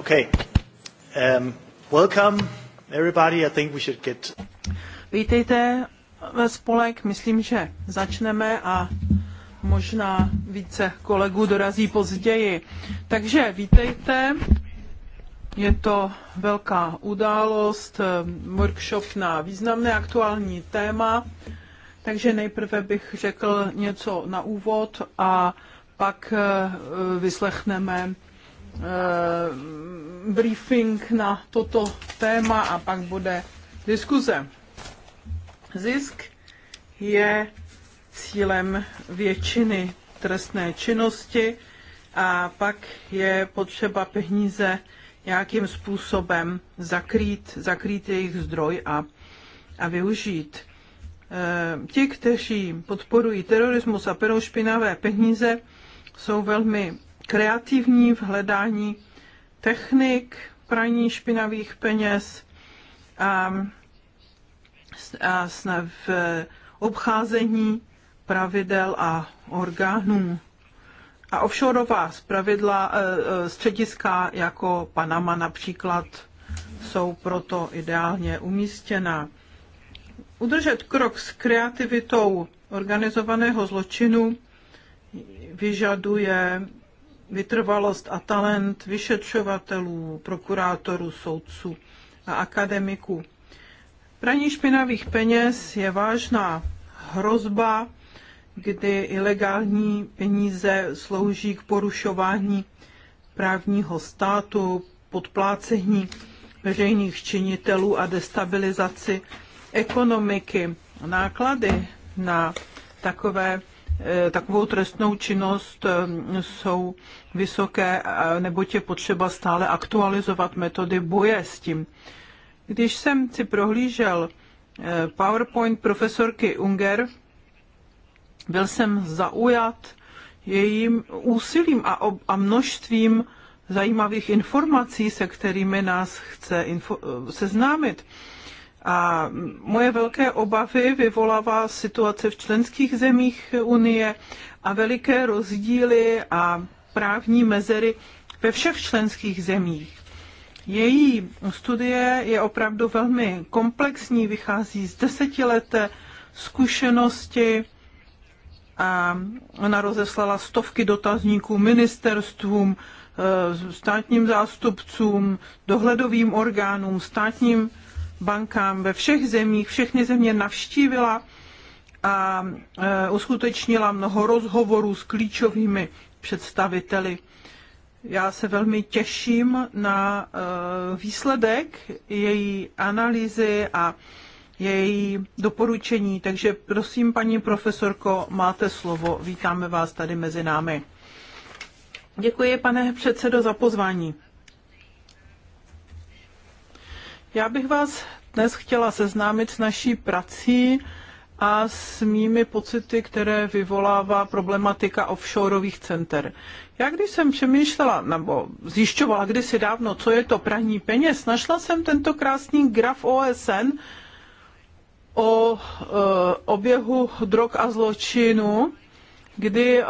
Okay. Um, welcome everybody. I think we should get... Vítejte ve spolek. Myslím, že začneme a možná více kolegů dorazí později. Takže vítejte. Je to velká událost, um, workshop na významné aktuální téma. Takže nejprve bych řekl něco na úvod a pak uh, vyslechneme Eh, briefing na toto téma a pak bude diskuze. Zisk je cílem většiny trestné činnosti a pak je potřeba peníze nějakým způsobem zakrýt, zakrýt jejich zdroj a, a využít. E, ti, kteří podporují terorismus a perou špinavé peníze, jsou velmi kreativní v hledání technik praní špinavých peněz a, a v obcházení pravidel a orgánů. A offshoreová pravidla e, e, střediska jako Panama například jsou proto ideálně umístěna. Udržet krok s kreativitou organizovaného zločinu vyžaduje vytrvalost a talent vyšetřovatelů, prokurátorů, soudců a akademiků. Praní špinavých peněz je vážná hrozba, kdy ilegální peníze slouží k porušování právního státu, podplácení veřejných činitelů a destabilizaci ekonomiky. Náklady na takové Eh, takovou trestnou činnost eh, jsou vysoké, eh, nebo je potřeba stále aktualizovat metody boje s tím. Když jsem si prohlížel PowerPoint profesorky Unger, byl jsem zaujat jejím úsilím a, ob, a množstvím zajímavých informací, se kterými nás chce info, seznámit. A moje velké obavy vyvolává situace v členských zemích Unie a veliké rozdíly a právní mezery ve všech členských zemích. Její studie je opravdu velmi komplexní, vychází z desetileté zkušenosti a ona rozeslala stovky dotazníků ministerstvům, e, státním zástupcům, dohledovým orgánům, státním bankám ve všech zemích, všechny země navštívila a e, uskutečnila mnoho rozhovorů s klíčovými představiteli. Já se velmi těším na e, výsledek její analýzy a její doporučení. Takže prosím, paní profesorko, máte slovo. Vítáme vás tady mezi námi. Děkuji, pane předsedo, za pozvání. Já bych vás dnes chtěla seznámit s naší prací a s mými pocity, které vyvolává problematika offshoreových center. Já když jsem přemýšlela, nebo zjišťovala kdysi dávno, co je to praní peněz, našla jsem tento krásný graf OSN o e, oběhu drog a zločinu kdy eh,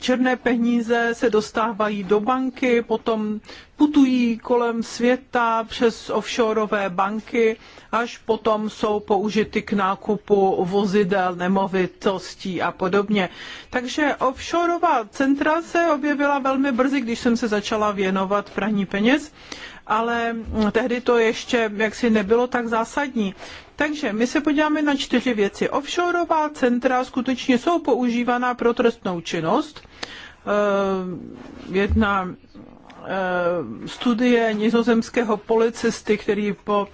černé peníze se dostávají do banky, potom putují kolem světa přes offshoreové banky, až potom jsou použity k nákupu vozidel, nemovitostí a podobně. Takže offshoreová centra se objevila velmi brzy, když jsem se začala věnovat praní peněz ale mm, tehdy to ještě jaksi nebylo tak zásadní. Takže my se podíváme na čtyři věci. Offshoreová centra skutečně jsou používaná pro trestnou činnost. Eh, jedna eh, studie nizozemského policisty, který po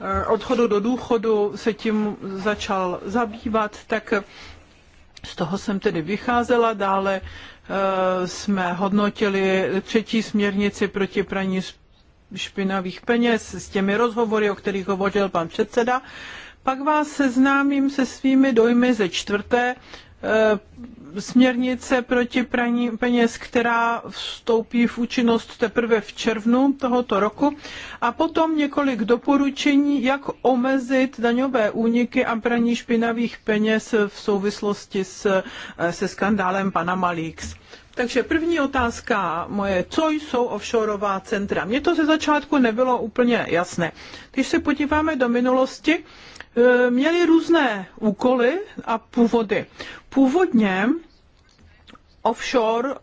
eh, odchodu do důchodu se tím začal zabývat, tak z toho jsem tedy vycházela. Dále jsme hodnotili třetí směrnici proti praní špinavých peněz, s těmi rozhovory, o kterých hovořil pan předseda. Pak vás seznámím se svými dojmy ze čtvrté eh, směrnice proti praní peněz, která vstoupí v účinnost teprve v červnu tohoto roku a potom několik doporučení, jak omezit daňové úniky a praní špinavých peněz v souvislosti s, eh, se skandálem Panama Leaks. Takže první otázka moje, co jsou offshoreová centra? Mně to ze začátku nebylo úplně jasné. Když se podíváme do minulosti, e, měli různé úkoly a původy. Původně offshore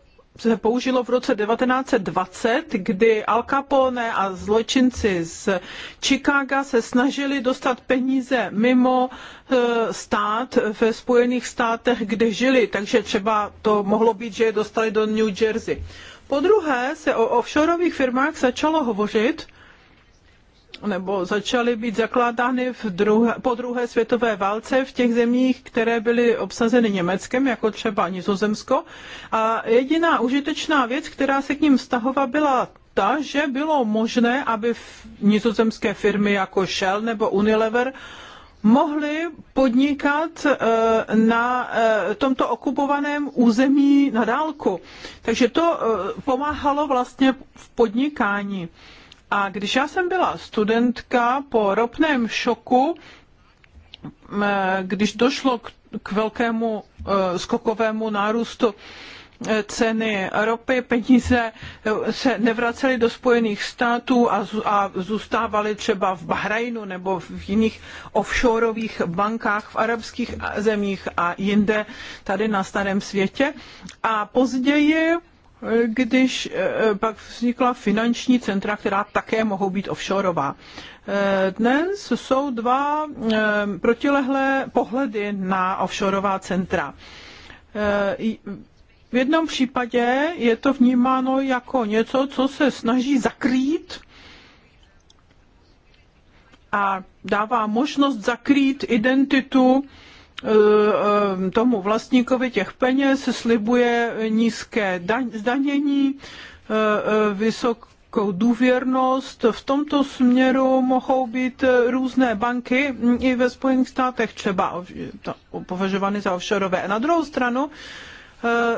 se použilo v roce 1920, kdy Al Capone a zločinci z Chicaga se snažili dostat peníze mimo eh, stát ve Spojených státech, kde žili, takže třeba to mohlo být, že je dostali do New Jersey. Po druhé se o offshoreových firmách začalo hovořit, nebo začaly být zakládány v druhé, po druhé světové válce v těch zemích, které byly obsazeny Německem, jako třeba Nizozemsko. A jediná užitečná věc, která se k ním vztahovala, byla ta, že bylo možné, aby nizozemské firmy jako Shell nebo Unilever mohli podnikat e, na e, tomto okupovaném území na dálku. Takže to e, pomáhalo vlastně v podnikání. A když já jsem byla studentka po ropném šoku, když došlo k, k velkému eh, skokovému nárůstu eh, ceny ropy, peníze eh, se nevracely do Spojených států a, a zůstávaly třeba v Bahrajnu nebo v jiných offshoreových bankách v arabských zemích a jinde tady na starém světě. A později když eh, pak vznikla finanční centra, která také mohou být offshoreová. Eh, dnes jsou dva eh, protilehlé pohledy na offshoreová centra. V jednom případě je to vnímáno jako něco, co se snaží zakrýt a dává možnost zakrýt identitu Eh, eh, tomu vlastníkovi těch peněz slibuje nízké zdanění, eh, vysokou důvěrnost. V tomto směru mohou být různé banky, hm, i ve Spojených státech třeba považovány za offshoreové. Na druhou stranu,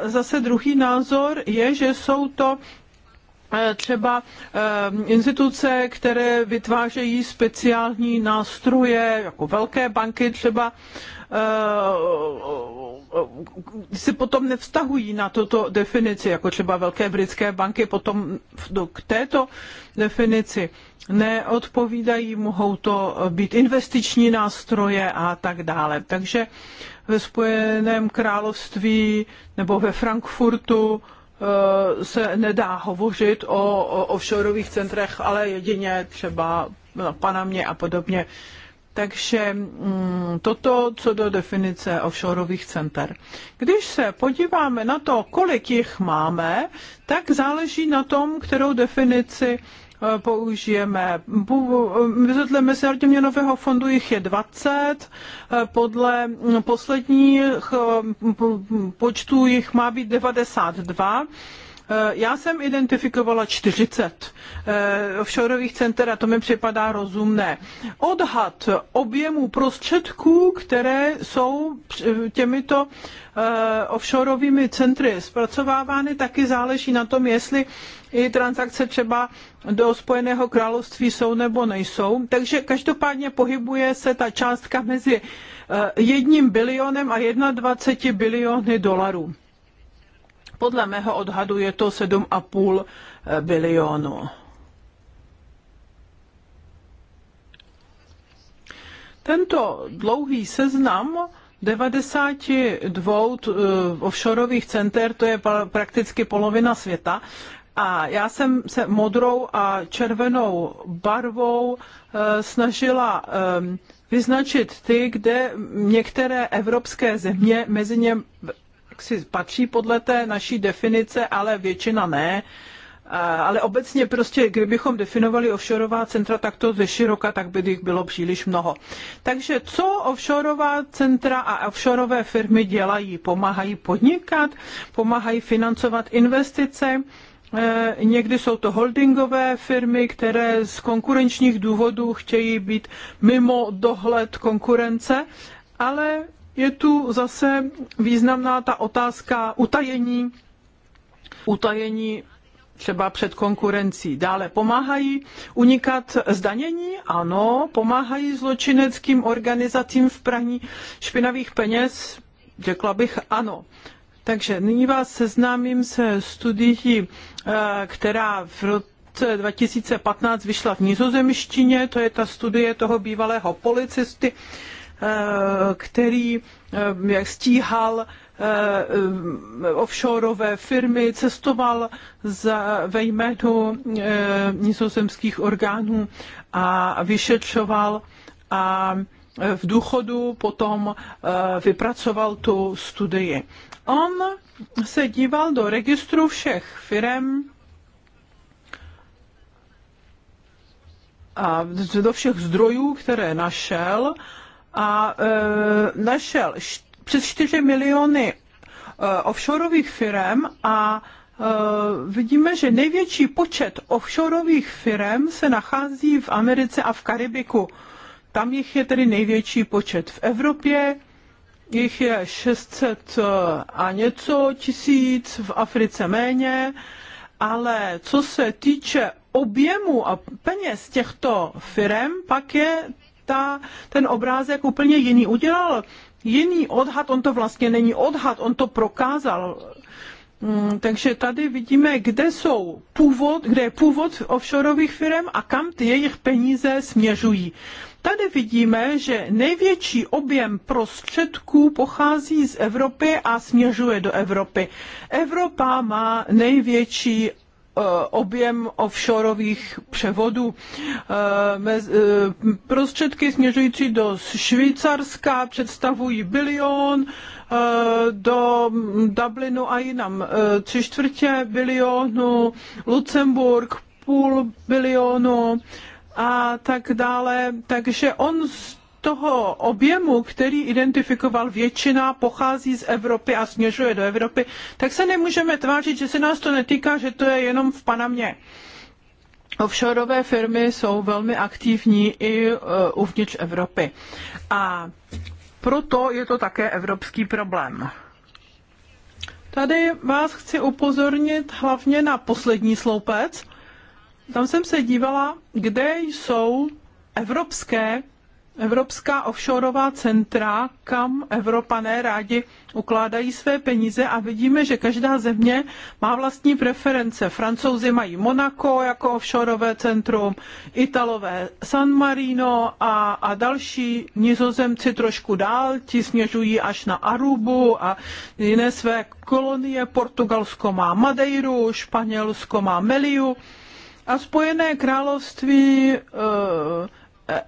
zase druhý názor je, že jsou to třeba instituce, které vytvářejí speciální nástroje, jako velké banky třeba Eh, se potom nevztahují na toto definici, jako třeba velké britské banky potom k této definici neodpovídají, mohou to být investiční nástroje a tak dále. Takže ve Spojeném království nebo ve Frankfurtu eh, se nedá hovořit o, o offshoreových centrech, ale jedině třeba na Panamě a podobně. Takže mm, toto co do definice offshoreových center. Když se podíváme na to, kolik jich máme, tak záleží na tom, kterou definici e, použijeme. E, Vyzvedle Mezinárodně měnového fondu jich je 20, e, podle posledních počtů jich má být 92 Eh, já jsem identifikovala 40 eh, offshoreových center a to mi připadá rozumné. Odhad objemu prostředků, které jsou těmito eh, offshoreovými centry zpracovávány, taky záleží na tom, jestli i transakce třeba do Spojeného království jsou nebo nejsou. Takže každopádně pohybuje se ta částka mezi jedním bilionem a 21 biliony dolarů. Podle mého odhadu je to 7,5 eh, bilionu. Tento dlouhý seznam 92 eh, offshoreových center, to je prakticky polovina světa, a já jsem se modrou a červenou barvou eh, snažila vyznačit ty, kde některé evropské země mezi ně jaksi patří podle té naší definice, ale většina ne. Ale obecně prostě, kdybychom definovali offshoreová centra takto ze široka, tak by jich bylo příliš mnoho. Takže co offshoreová centra a offshoreové firmy dělají? Pomáhají podnikat, pomáhají financovat investice, e, Někdy jsou to holdingové firmy, které z konkurenčních důvodů chtějí být mimo dohled konkurence, ale je tu zase významná ta otázka utajení, utajení třeba před konkurencí. Dále pomáhají unikat zdanění? Ano, pomáhají zločineckým organizacím v praní špinavých peněz? Řekla bych ano. Takže nyní vás seznámím se studií, eh, která v roce 2015 vyšla v nizozemštině, to je ta studie toho bývalého policisty, Eh, který eh, stíhal eh, offshoreové firmy, cestoval za, ve jménu nizozemských orgánů a vyšetřoval a v důchodu potom vypracoval tu studii. On se díval do registru všech firm a do všech zdrojů, které našel a e, našel přes 4 miliony e, offshoreových firm a e, vidíme, že největší počet offshoreových firm se nachází v Americe a v Karibiku. Tam jich je tedy největší počet. V Evropě jich je 600 e, a něco tisíc, v Africe méně, ale co se týče objemu a peněz těchto firm, pak je ta, ten obrázek úplně jiný. Udělal jiný odhad, on to vlastně není odhad, on to prokázal. Mm, takže tady vidíme, kde jsou původ, kde je původ offshoreových firm a kam ty jejich peníze směřují. Tady vidíme, že největší objem prostředků pochází z Evropy a směřuje do Evropy. Evropa má největší Eh, objem offshoreových převodů. Eh, eh, prostředky směřující do Švýcarska představují bilion, do Dublinu a jinam tři čtvrtě bilionu, Lucemburg půl bilionu a tak dále. Takže on z toho objemu, který identifikoval většina, pochází z Evropy a směřuje do Evropy, tak se nemůžeme tvářit, že se nás to netýká, že to je jenom v Panamě. Offshoreové firmy jsou velmi aktivní i e, uvnitř Evropy. A proto je to také evropský problém. Tady vás chci upozornit hlavně na poslední sloupec. Tam jsem se dívala, kde jsou evropské evropská offshoreová centra, kam Evropané rádi ukládají své peníze a vidíme, že každá země má vlastní preference. Francouzi mají Monaco jako offshoreové centrum, Italové San Marino a, a další nizozemci trošku dál, ti směřují až na Arubu a jiné své kolonie. Portugalsko má Madeiru, Španělsko má Meliu a Spojené království e,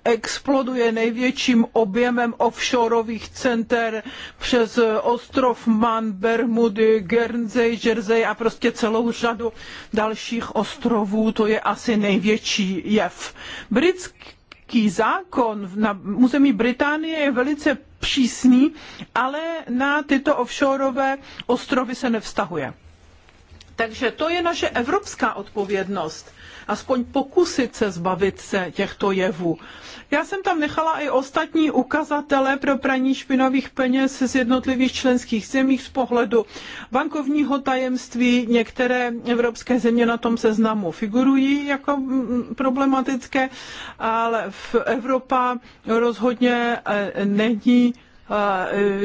exploduje největším objemem offshoreových center přes ostrov Man, Bermudy, Guernsey, Jersey a prostě celou řadu dalších ostrovů. To je asi největší jev. Britský zákon na území Británie je velice přísný, ale na tyto offshoreové ostrovy se nevztahuje. Takže to je naše evropská odpovědnost aspoň pokusit se zbavit se těchto jevů. Já jsem tam nechala i ostatní ukazatele pro praní špinavých peněz z jednotlivých členských zemí z pohledu bankovního tajemství. Některé evropské země na tom seznamu figurují jako mm, mm, problematické, ale v Evropa rozhodně e, není e,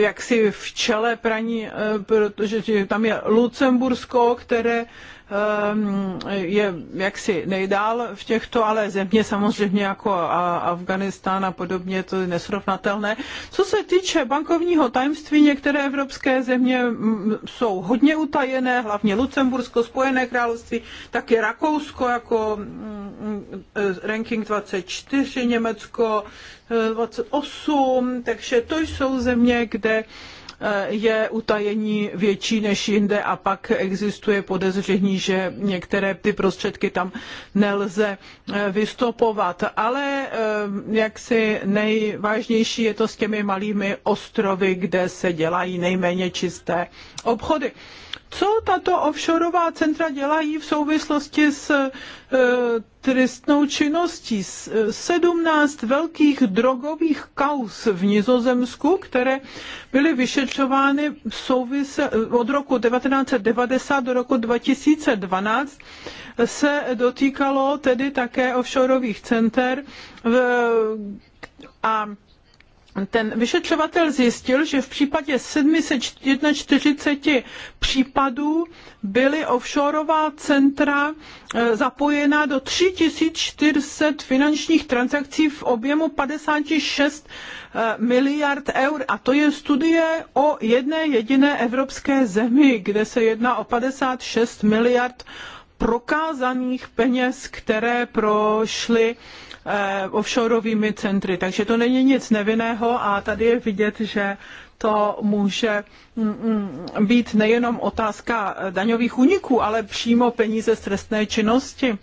jaksi v čele praní, e, protože tam je Lucembursko, které Ehm, je jaksi nejdál v těchto, ale země samozřejmě jako Afganistán a podobně, to je nesrovnatelné. Co se týče bankovního tajemství, některé evropské země mm, jsou hodně utajené, hlavně Lucembursko, Spojené království, taky Rakousko jako mm, mm, ranking 24, Německo 28, eh, takže to jsou země, kde Eh, je utajení větší než jinde a pak existuje podezření, že některé ty prostředky tam nelze eh, vystopovat. Ale eh, jaksi nejvážnější je to s těmi malými ostrovy, kde se dělají nejméně čisté obchody. Co tato offshoreová centra dělají v souvislosti s e, tristnou činností? 17 e, velkých drogových kaus v Nizozemsku, které byly vyšetřovány v souvisle, od roku 1990 do roku 2012, se dotýkalo tedy také offshoreových center v, a ten vyšetřovatel zjistil, že v případě 741 případů byly offshoreová centra e, zapojena do 3400 finančních transakcí v objemu 56 e, miliard eur. A to je studie o jedné jediné evropské zemi, kde se jedná o 56 miliard prokázaných peněz, které prošly Eh, offshoreovými centry. Takže to není nic nevinného a tady je vidět, že to může mm, mm, být nejenom otázka daňových úniků, ale přímo peníze z trestné činnosti.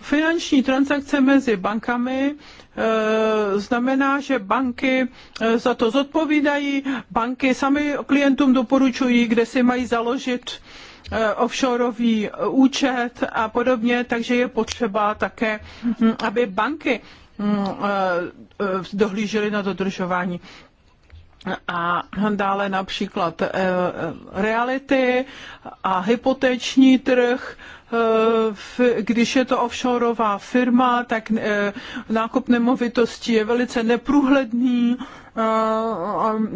Finanční transakce mezi bankami eh, znamená, že banky eh, za to zodpovídají, banky sami klientům doporučují, kde si mají založit Eh, offshoreový eh, účet a podobně, takže je potřeba také, hm, aby banky hm, eh, dohlížely na dodržování a dále například reality a hypoteční trh Eh, když je to offshoreová firma, tak eh, nákup nemovitosti je velice neprůhledný,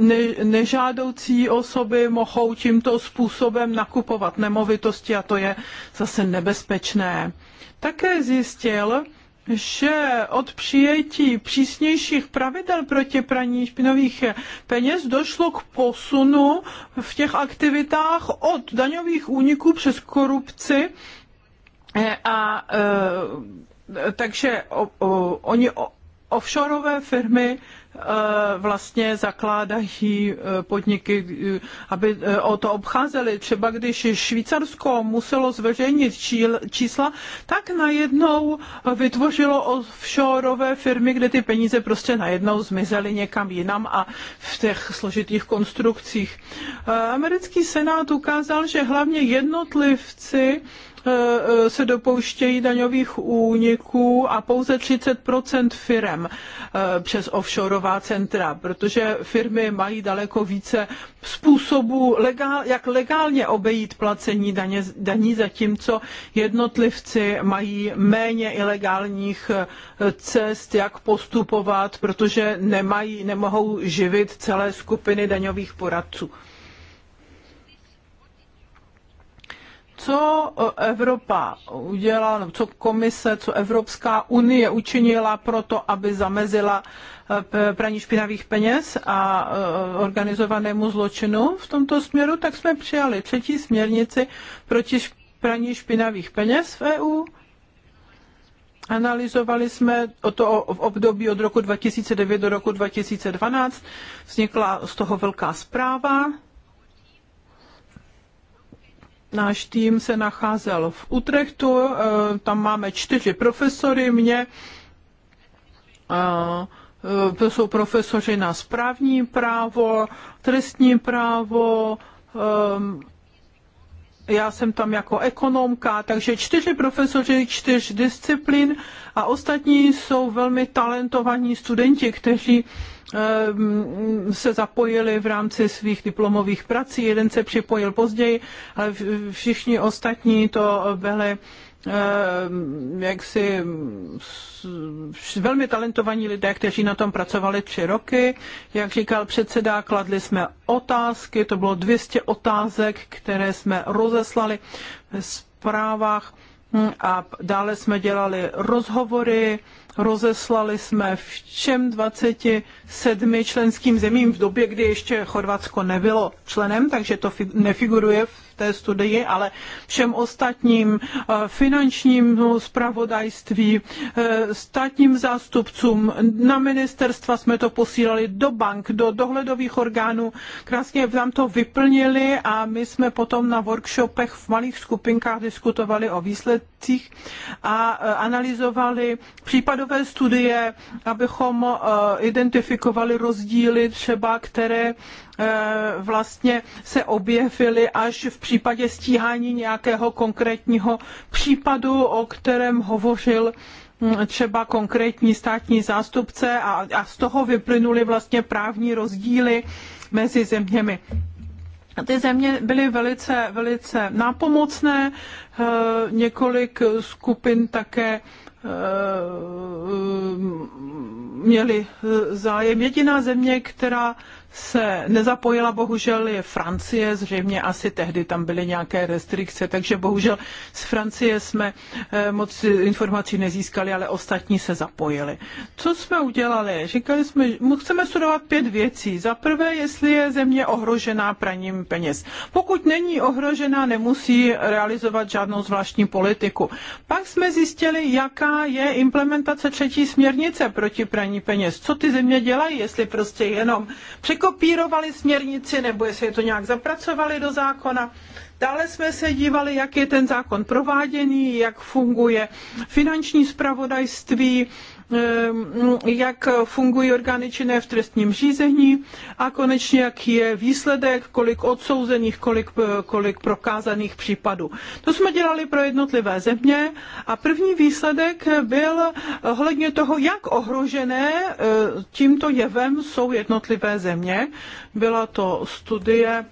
eh, nežádoucí osoby mohou tímto způsobem nakupovat nemovitosti a to je zase nebezpečné. Také zjistil, že od přijetí přísnějších pravidel proti praní špinových peněz došlo k posunu v těch aktivitách od daňových úniků přes korupci a e, takže o, o, oni o, offshoreové firmy e, vlastně zakládají e, podniky, aby o to obcházeli. Třeba když Švýcarsko muselo zveřejnit čísla, tak najednou vytvořilo offshoreové firmy, kde ty peníze prostě najednou zmizely někam jinam a v těch složitých konstrukcích. Americký senát ukázal, že hlavně jednotlivci Eh, eh, se dopouštějí daňových úniků a pouze 30 firm eh, přes offshoreová centra, protože firmy mají daleko více způsobů, legál, jak legálně obejít placení daně, daní, zatímco jednotlivci mají méně ilegálních cest, jak postupovat, protože nemají, nemohou živit celé skupiny daňových poradců. co e, Evropa udělala, co komise, co Evropská unie učinila pro to, aby zamezila e, praní špinavých peněz a e, organizovanému zločinu v tomto směru, tak jsme přijali třetí směrnici proti praní špinavých peněz v EU. Analyzovali jsme to v období od roku 2009 do roku 2012. Vznikla z toho velká zpráva, náš tým se nacházel v Utrechtu, eh, tam máme čtyři profesory, mě, eh, to jsou profesoři na správní právo, trestní právo, eh, já jsem tam jako ekonomka, takže čtyři profesoři, čtyř disciplín a ostatní jsou velmi talentovaní studenti, kteří ehm, se zapojili v rámci svých diplomových prací. Jeden se připojil později, ale všichni ostatní to byli Eh, jaksi velmi talentovaní lidé, kteří na tom pracovali tři roky. Jak říkal předseda, kladli jsme otázky, to bylo 200 otázek, které jsme rozeslali v zprávách hm, a dále jsme dělali rozhovory, rozeslali jsme všem 27 členským zemím v době, kdy ještě Chorvatsko nebylo členem, takže to nefiguruje v té studii, ale všem ostatním eh, finančním zpravodajství, eh, státním zástupcům, na ministerstva jsme to posílali do bank, do dohledových orgánů. Krásně nám to vyplnili a my jsme potom na workshopech v malých skupinkách diskutovali o výsledcích a eh, analyzovali případové studie, abychom identifikovali rozdíly třeba, které Eh, vlastně se objevily až v případě stíhání nějakého konkrétního případu, o kterém hovořil hm, třeba konkrétní státní zástupce a, a z toho vyplynuly vlastně právní rozdíly mezi zeměmi. Ty země byly velice, velice nápomocné, eh, několik skupin také eh, hm, měli zájem. Jediná země, která se nezapojila, bohužel je Francie, zřejmě asi tehdy tam byly nějaké restrikce, takže bohužel z Francie jsme eh, moc informací nezískali, ale ostatní se zapojili. Co jsme udělali? Říkali jsme, chceme studovat pět věcí. Za prvé, jestli je země ohrožená praním peněz. Pokud není ohrožená, nemusí realizovat žádnou zvláštní politiku. Pak jsme zjistili, jaká je implementace třetí směrnice proti praní peněz. Co ty země dělají, jestli prostě jenom při vykopírovali směrnici nebo jestli je to nějak zapracovali do zákona. Dále jsme se dívali, jak je ten zákon prováděný, jak funguje finanční spravodajství, Ehm, jak fungují orgány činné v trestním řízení a konečně jaký je výsledek, kolik odsouzených, kolik, kolik prokázaných případů. To jsme dělali pro jednotlivé země a první výsledek byl ohledně toho, jak ohrožené eh, tímto jevem jsou jednotlivé země. Byla to studie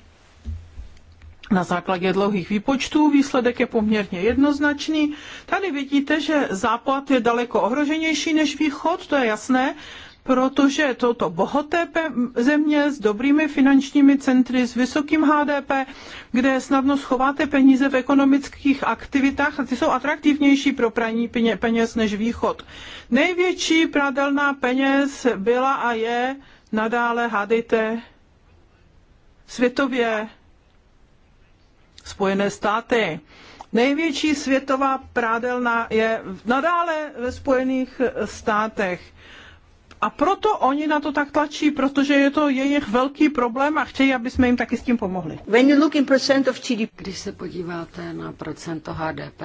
na základě dlouhých výpočtů výsledek je poměrně jednoznačný. Tady vidíte, že západ je daleko ohroženější než východ, to je jasné, protože toto bohaté země s dobrými finančními centry, s vysokým HDP, kde snadno schováte peníze v ekonomických aktivitách a ty jsou atraktivnější pro praní peněz než východ. Největší pradelná peněz byla a je nadále, hádejte, světově Spojené státy. Největší světová prádelna je nadále ve Spojených státech. A proto oni na to tak tlačí, protože je to jejich velký problém a chtějí, aby jsme jim taky s tím pomohli. When you look in percent of GDP. Když se podíváte na procento HDP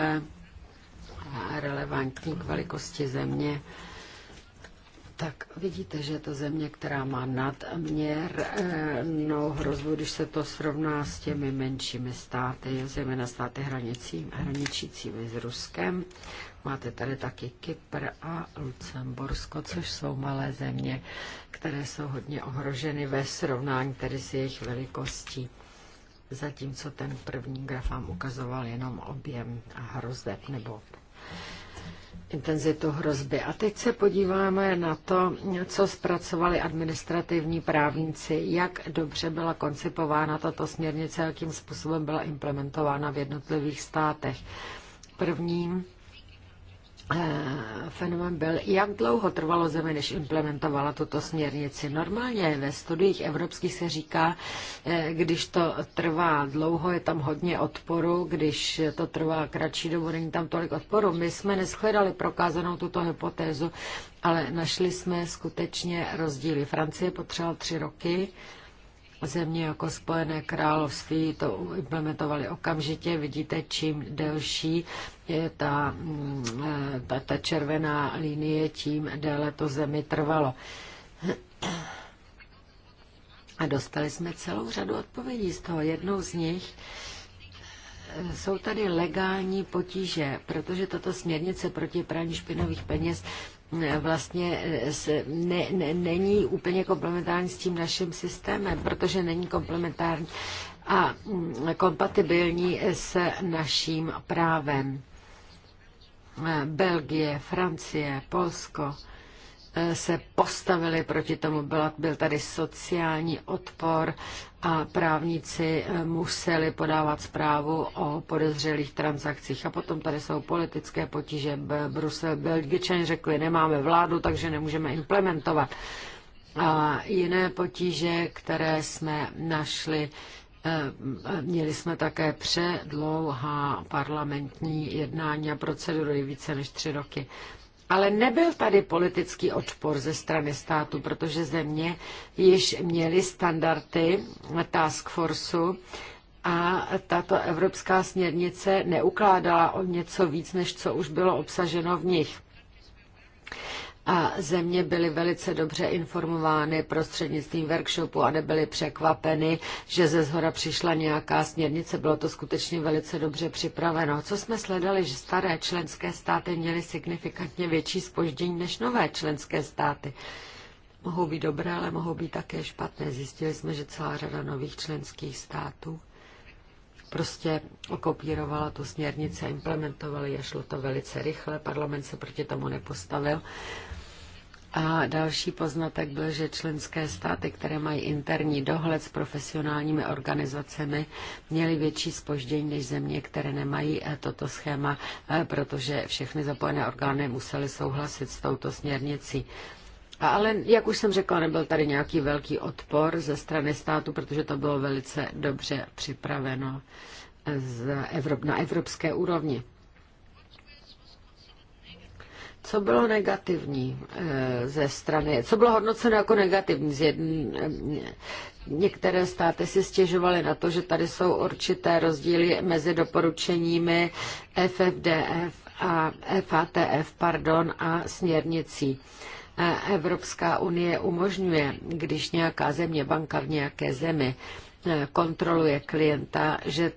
relevantní k velikosti země, tak vidíte, že je to země, která má nadměr, no, hrozbu, když se to srovná s těmi menšími státy, zejména státy hranicí, hraničícími s Ruskem. Máte tady taky Kypr a Lucembursko, což jsou malé země, které jsou hodně ohroženy ve srovnání tedy s jejich velikostí. Zatímco ten první graf vám ukazoval jenom objem a hrozeb nebo intenzitu hrozby. A teď se podíváme na to, co zpracovali administrativní právníci, jak dobře byla koncipována tato směrnice, jakým způsobem byla implementována v jednotlivých státech. Prvním eh, fenomén byl, jak dlouho trvalo zemi, než implementovala tuto směrnici. Normálně ve studiích evropských se říká, eh, když to trvá dlouho, je tam hodně odporu, když to trvá kratší dobu, není tam tolik odporu. My jsme neschledali prokázanou tuto hypotézu, ale našli jsme skutečně rozdíly. Francie potřebovala tři roky, země jako Spojené království to implementovali okamžitě. Vidíte, čím delší je ta, mm, ta, ta červená linie, tím déle to zemi trvalo. A dostali jsme celou řadu odpovědí z toho. Jednou z nich eh, jsou tady legální potíže, protože tato směrnice proti praní špinavých peněz vlastně eh, se ne, ne, není úplně komplementární s tím naším systémem, protože není komplementární a mm, kompatibilní s naším právem. Eh, Belgie, Francie, Polsko Eh, se postavili proti tomu. Byl, byl tady sociální odpor a právníci eh, museli podávat zprávu o podezřelých transakcích. A potom tady jsou politické potíže. Brusel, Belgičani řekli, nemáme vládu, takže nemůžeme implementovat. A jiné potíže, které jsme našli, eh, Měli jsme také předlouhá parlamentní jednání a procedury více než tři roky. Ale nebyl tady politický odpor ze strany státu, protože země již měly standardy task forceu a tato evropská směrnice neukládala o něco víc, než co už bylo obsaženo v nich a země byly velice dobře informovány prostřednictvím workshopu a nebyly překvapeny, že ze zhora přišla nějaká směrnice. Bylo to skutečně velice dobře připraveno. Co jsme sledali, že staré členské státy měly signifikantně větší spoždění než nové členské státy. Mohou být dobré, ale mohou být také špatné. Zjistili jsme, že celá řada nových členských států prostě okopírovala tu směrnici a implementovali a šlo to velice rychle. Parlament se proti tomu nepostavil. A další poznatek byl, že členské státy, které mají interní dohled s profesionálními organizacemi, měly větší spoždění než země, které nemají eh, toto schéma, eh, protože všechny zapojené orgány musely souhlasit s touto směrnicí. ale, jak už jsem řekla, nebyl tady nějaký velký odpor ze strany státu, protože to bylo velice dobře připraveno eh, na evropské úrovni. Co bylo negativní eh, ze strany, co bylo hodnoceno jako negativní z jedn, eh, Některé státy si stěžovaly na to, že tady jsou určité rozdíly mezi doporučeními FFDF a FATF pardon, a směrnicí. Eh, Evropská unie umožňuje, když nějaká země, banka v nějaké zemi kontroluje klienta, že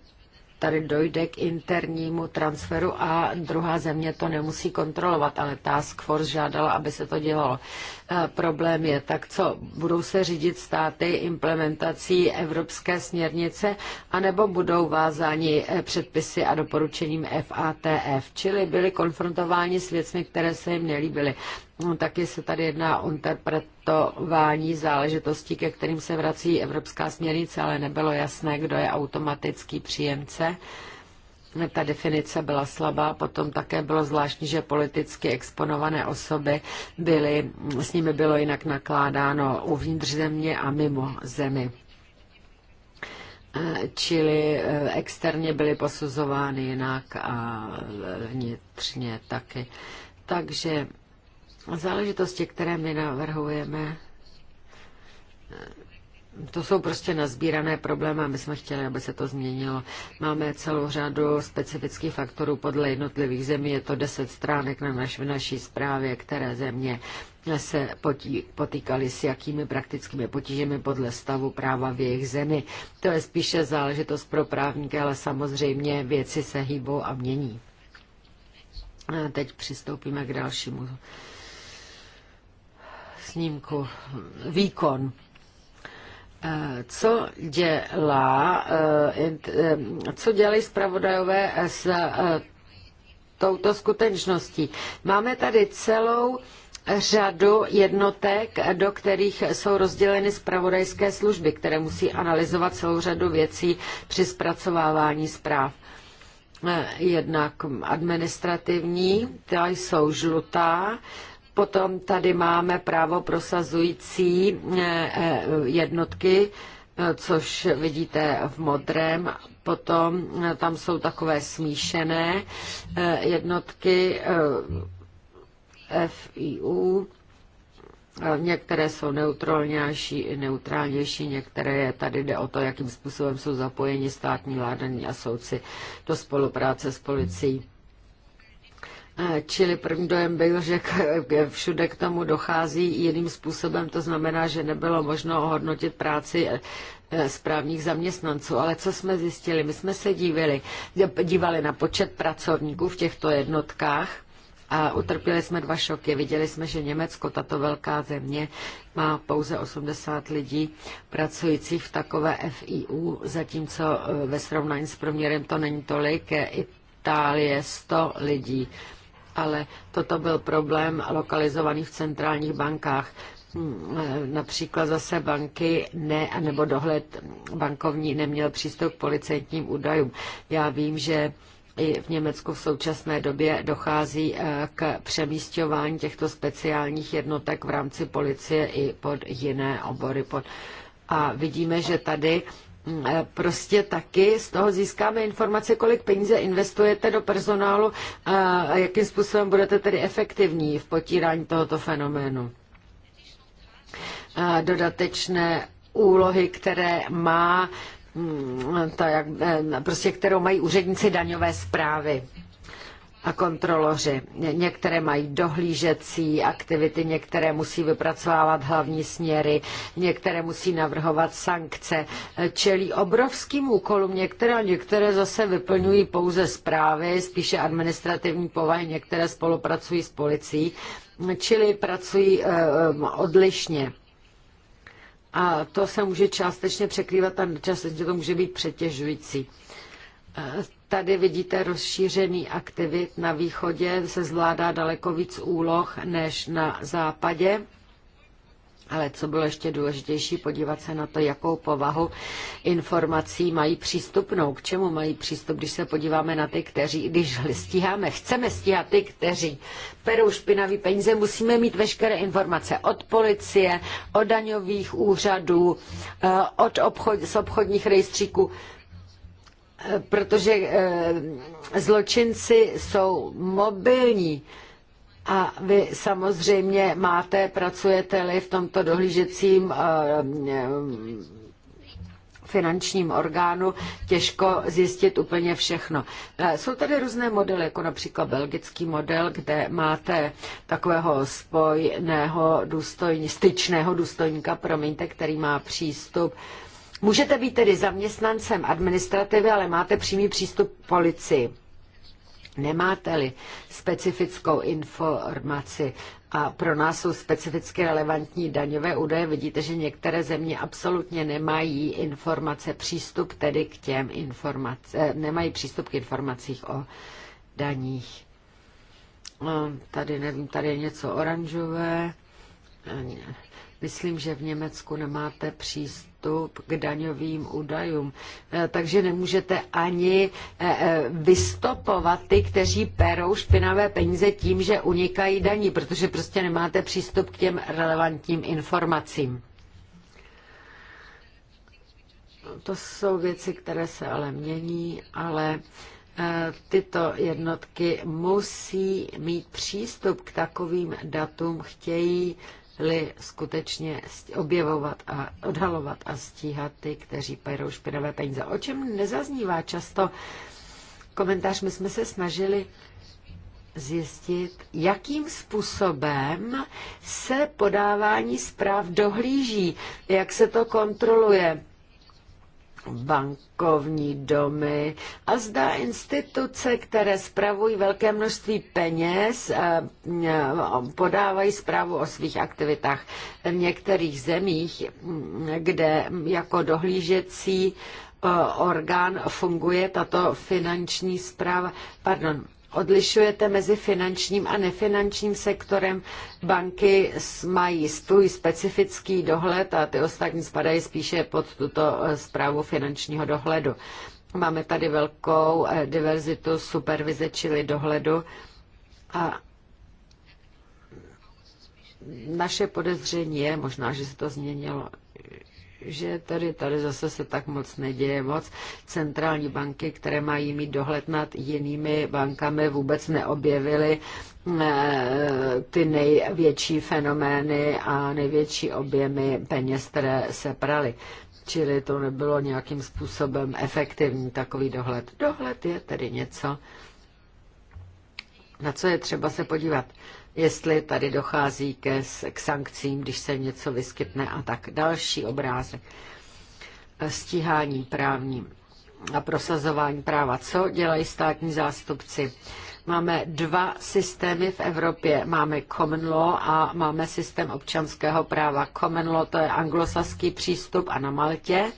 tady dojde k internímu transferu a druhá země to nemusí kontrolovat, ale Task Force žádala, aby se to dělalo. E, problém je, tak co, budou se řídit státy implementací evropské směrnice, anebo budou vázáni e, předpisy a doporučením FATF, čili byli konfrontováni s věcmi, které se jim nelíbily. No, taky se tady jedná o interpretování záležitostí, ke kterým se vrací Evropská směrnice, ale nebylo jasné, kdo je automatický příjemce. Ta definice byla slabá, potom také bylo zvláštní, že politicky exponované osoby byly, s nimi bylo jinak nakládáno uvnitř země a mimo zemi. Čili eh, externě byly posuzovány jinak a vnitřně taky. Takže záležitosti, které my navrhujeme, to jsou prostě nazbírané problémy a my jsme chtěli, aby se to změnilo. Máme celou řadu specifických faktorů podle jednotlivých zemí. Je to deset stránek na naš, v naší zprávě, které země se potí, potýkali s jakými praktickými potížemi podle stavu práva v jejich zemi. To je spíše záležitost pro právníky, ale samozřejmě věci se hýbou a mění. A teď přistoupíme k dalšímu snímku. Výkon. Eh, co, dělá, eh, eh, co dělají zpravodajové s touto skutečností? Máme tady celou řadu jednotek, do kterých jsou rozděleny zpravodajské služby, které musí analyzovat celou řadu věcí při zpracovávání zpráv. Jednak administrativní, ta jsou žlutá, Potom tady máme právo prosazující eh, eh, jednotky, eh, což vidíte v modrém. Potom tam jsou takové smíšené jednotky FIU. Některé jsou neutrálnější, neutrálnější, některé je tady jde o to, jakým způsobem jsou zapojeni státní vládení a soudci do spolupráce s policií. Eh, čili první dojem byl, že všude k tomu dochází jiným způsobem, to znamená, že nebylo možno ohodnotit práci eh, správních zaměstnanců. Ale co jsme zjistili? My jsme se dívali, dívali na počet pracovníků v těchto jednotkách a utrpěli jsme dva šoky. Viděli jsme, že Německo, tato velká země, má pouze 80 lidí pracujících v takové FIU, zatímco eh, ve srovnání s proměrem to není tolik. Itálie 100 lidí ale toto byl problém lokalizovaný v centrálních bankách. Například zase banky ne, nebo dohled bankovní neměl přístup k policejním údajům. Já vím, že i v Německu v současné době dochází eh, k přemístování těchto speciálních jednotek v rámci policie i pod jiné obory. Pod... A vidíme, že tady Eh, prostě taky z toho získáme informace, kolik peníze investujete do personálu a eh, jakým způsobem budete tedy efektivní v potírání tohoto fenoménu. A eh, dodatečné úlohy, které má mm, to jak, prostě kterou mají úředníci daňové zprávy a kontroloři. Některé mají dohlížecí aktivity, některé musí vypracovávat hlavní směry, některé musí navrhovat sankce. Čelí obrovským úkolům některé, některé zase vyplňují pouze zprávy, spíše administrativní povahy, některé spolupracují s policií, čili pracují eh, eh, odlišně. A to se může částečně překrývat a částečně to může být přetěžující. Eh, Tady vidíte rozšířený aktivit. Na východě se zvládá daleko víc úloh než na západě. Ale co bylo ještě důležitější, podívat se na to, jakou povahu informací mají přístupnou, k čemu mají přístup, když se podíváme na ty, kteří, když stíháme, chceme stíhat ty, kteří perou špinavý peníze, musíme mít veškeré informace od policie, od daňových úřadů, eh, od obchod, z obchodních rejstříků protože eh, zločinci jsou mobilní. A vy samozřejmě máte, pracujete-li v tomto dohlížecím eh, eh, finančním orgánu těžko zjistit úplně všechno. Jsou tady různé modely, jako například belgický model, kde máte takového spojného důstojní, styčného důstojníka, promiňte, který má přístup Můžete být tedy zaměstnancem administrativy, ale máte přímý přístup k policii. Nemáte-li specifickou informaci a pro nás jsou specificky relevantní daňové údaje, vidíte, že některé země absolutně nemají informace, přístup tedy k těm informacím, eh, nemají přístup k informacích o daních. No, tady nevím, tady je něco oranžové. Myslím, že v Německu nemáte přístup k daňovým údajům, eh, takže nemůžete ani eh, eh, vystopovat ty, kteří perou špinavé peníze tím, že unikají daní, protože prostě nemáte přístup k těm relevantním informacím. To jsou věci, které se ale mění, ale tyto jednotky musí mít přístup k takovým datům, chtějí li skutečně objevovat a odhalovat a stíhat ty, kteří perou špinavé peníze. O čem nezaznívá často komentář, my jsme se snažili zjistit, jakým způsobem se podávání zpráv dohlíží, jak se to kontroluje bankovní domy a zda instituce, které spravují velké množství peněz, eh, eh, podávají zprávu o svých aktivitách v některých zemích, kde jako dohlížecí eh, orgán funguje tato finanční zpráva, pardon, odlišujete mezi finančním a nefinančním sektorem. Banky mají svůj specifický dohled a ty ostatní spadají spíše pod tuto eh, zprávu finančního dohledu. Máme tady velkou eh, diverzitu supervize, čili dohledu. A naše podezření je, možná, že se to změnilo, že tady, tady zase se tak moc neděje moc. Centrální banky, které mají mít dohled nad jinými bankami, vůbec neobjevily eh, ty největší fenomény a největší objemy peněz, které se praly. Čili to nebylo nějakým způsobem efektivní takový dohled. Dohled je tedy něco, na co je třeba se podívat jestli tady dochází ke, k sankcím, když se něco vyskytne a tak. Další obrázek. Stíhání právní a prosazování práva. Co dělají státní zástupci? Máme dva systémy v Evropě. Máme common law a máme systém občanského práva. Common law to je anglosaský přístup a na Maltě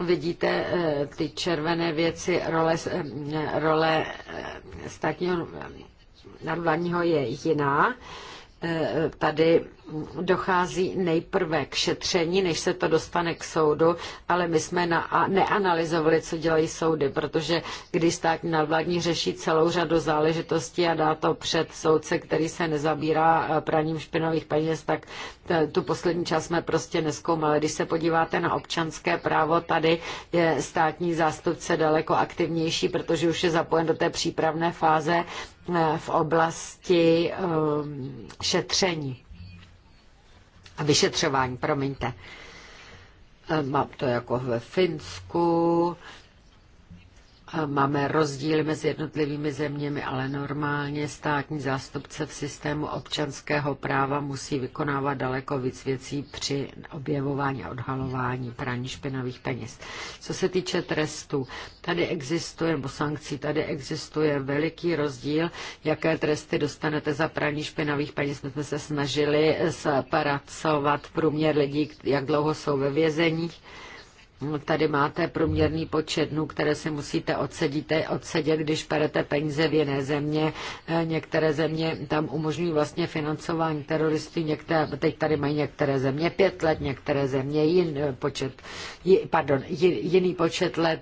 vidíte eh, ty červené věci, role, eh, role eh, státního nadvládního je jiná. E, e, tady dochází nejprve k šetření, než se to dostane k soudu, ale my jsme na, neanalyzovali, co dělají soudy, protože když státní nadvládní řeší celou řadu záležitostí a dá to před soudce, který se nezabírá eh, praním špinových peněz, tak eh, tu poslední část jsme prostě neskoumali. Když se podíváte na občanské právo, tady je státní zástupce daleko aktivnější, protože už je zapojen do té přípravné fáze eh, v oblasti ehm, šetření. A vyšetřování, promiňte. Ehm, mám to jako ve Finsku, Máme rozdíly mezi jednotlivými zeměmi, ale normálně státní zástupce v systému občanského práva musí vykonávat daleko víc věcí při objevování a odhalování praní špinavých peněz. Co se týče trestů, tady existuje, nebo sankcí, tady existuje veliký rozdíl, jaké tresty dostanete za praní špinavých peněz. My jsme se snažili zpracovat průměr lidí, jak dlouho jsou ve vězeních Tady máte průměrný počet dnů, které si musíte odsedit, odsedět, když perete peníze v jiné země. Eh, některé země tam umožňují vlastně financování teroristů, některé, teď tady mají některé země pět let, některé země jin, eh, počet, pardon, jiný počet let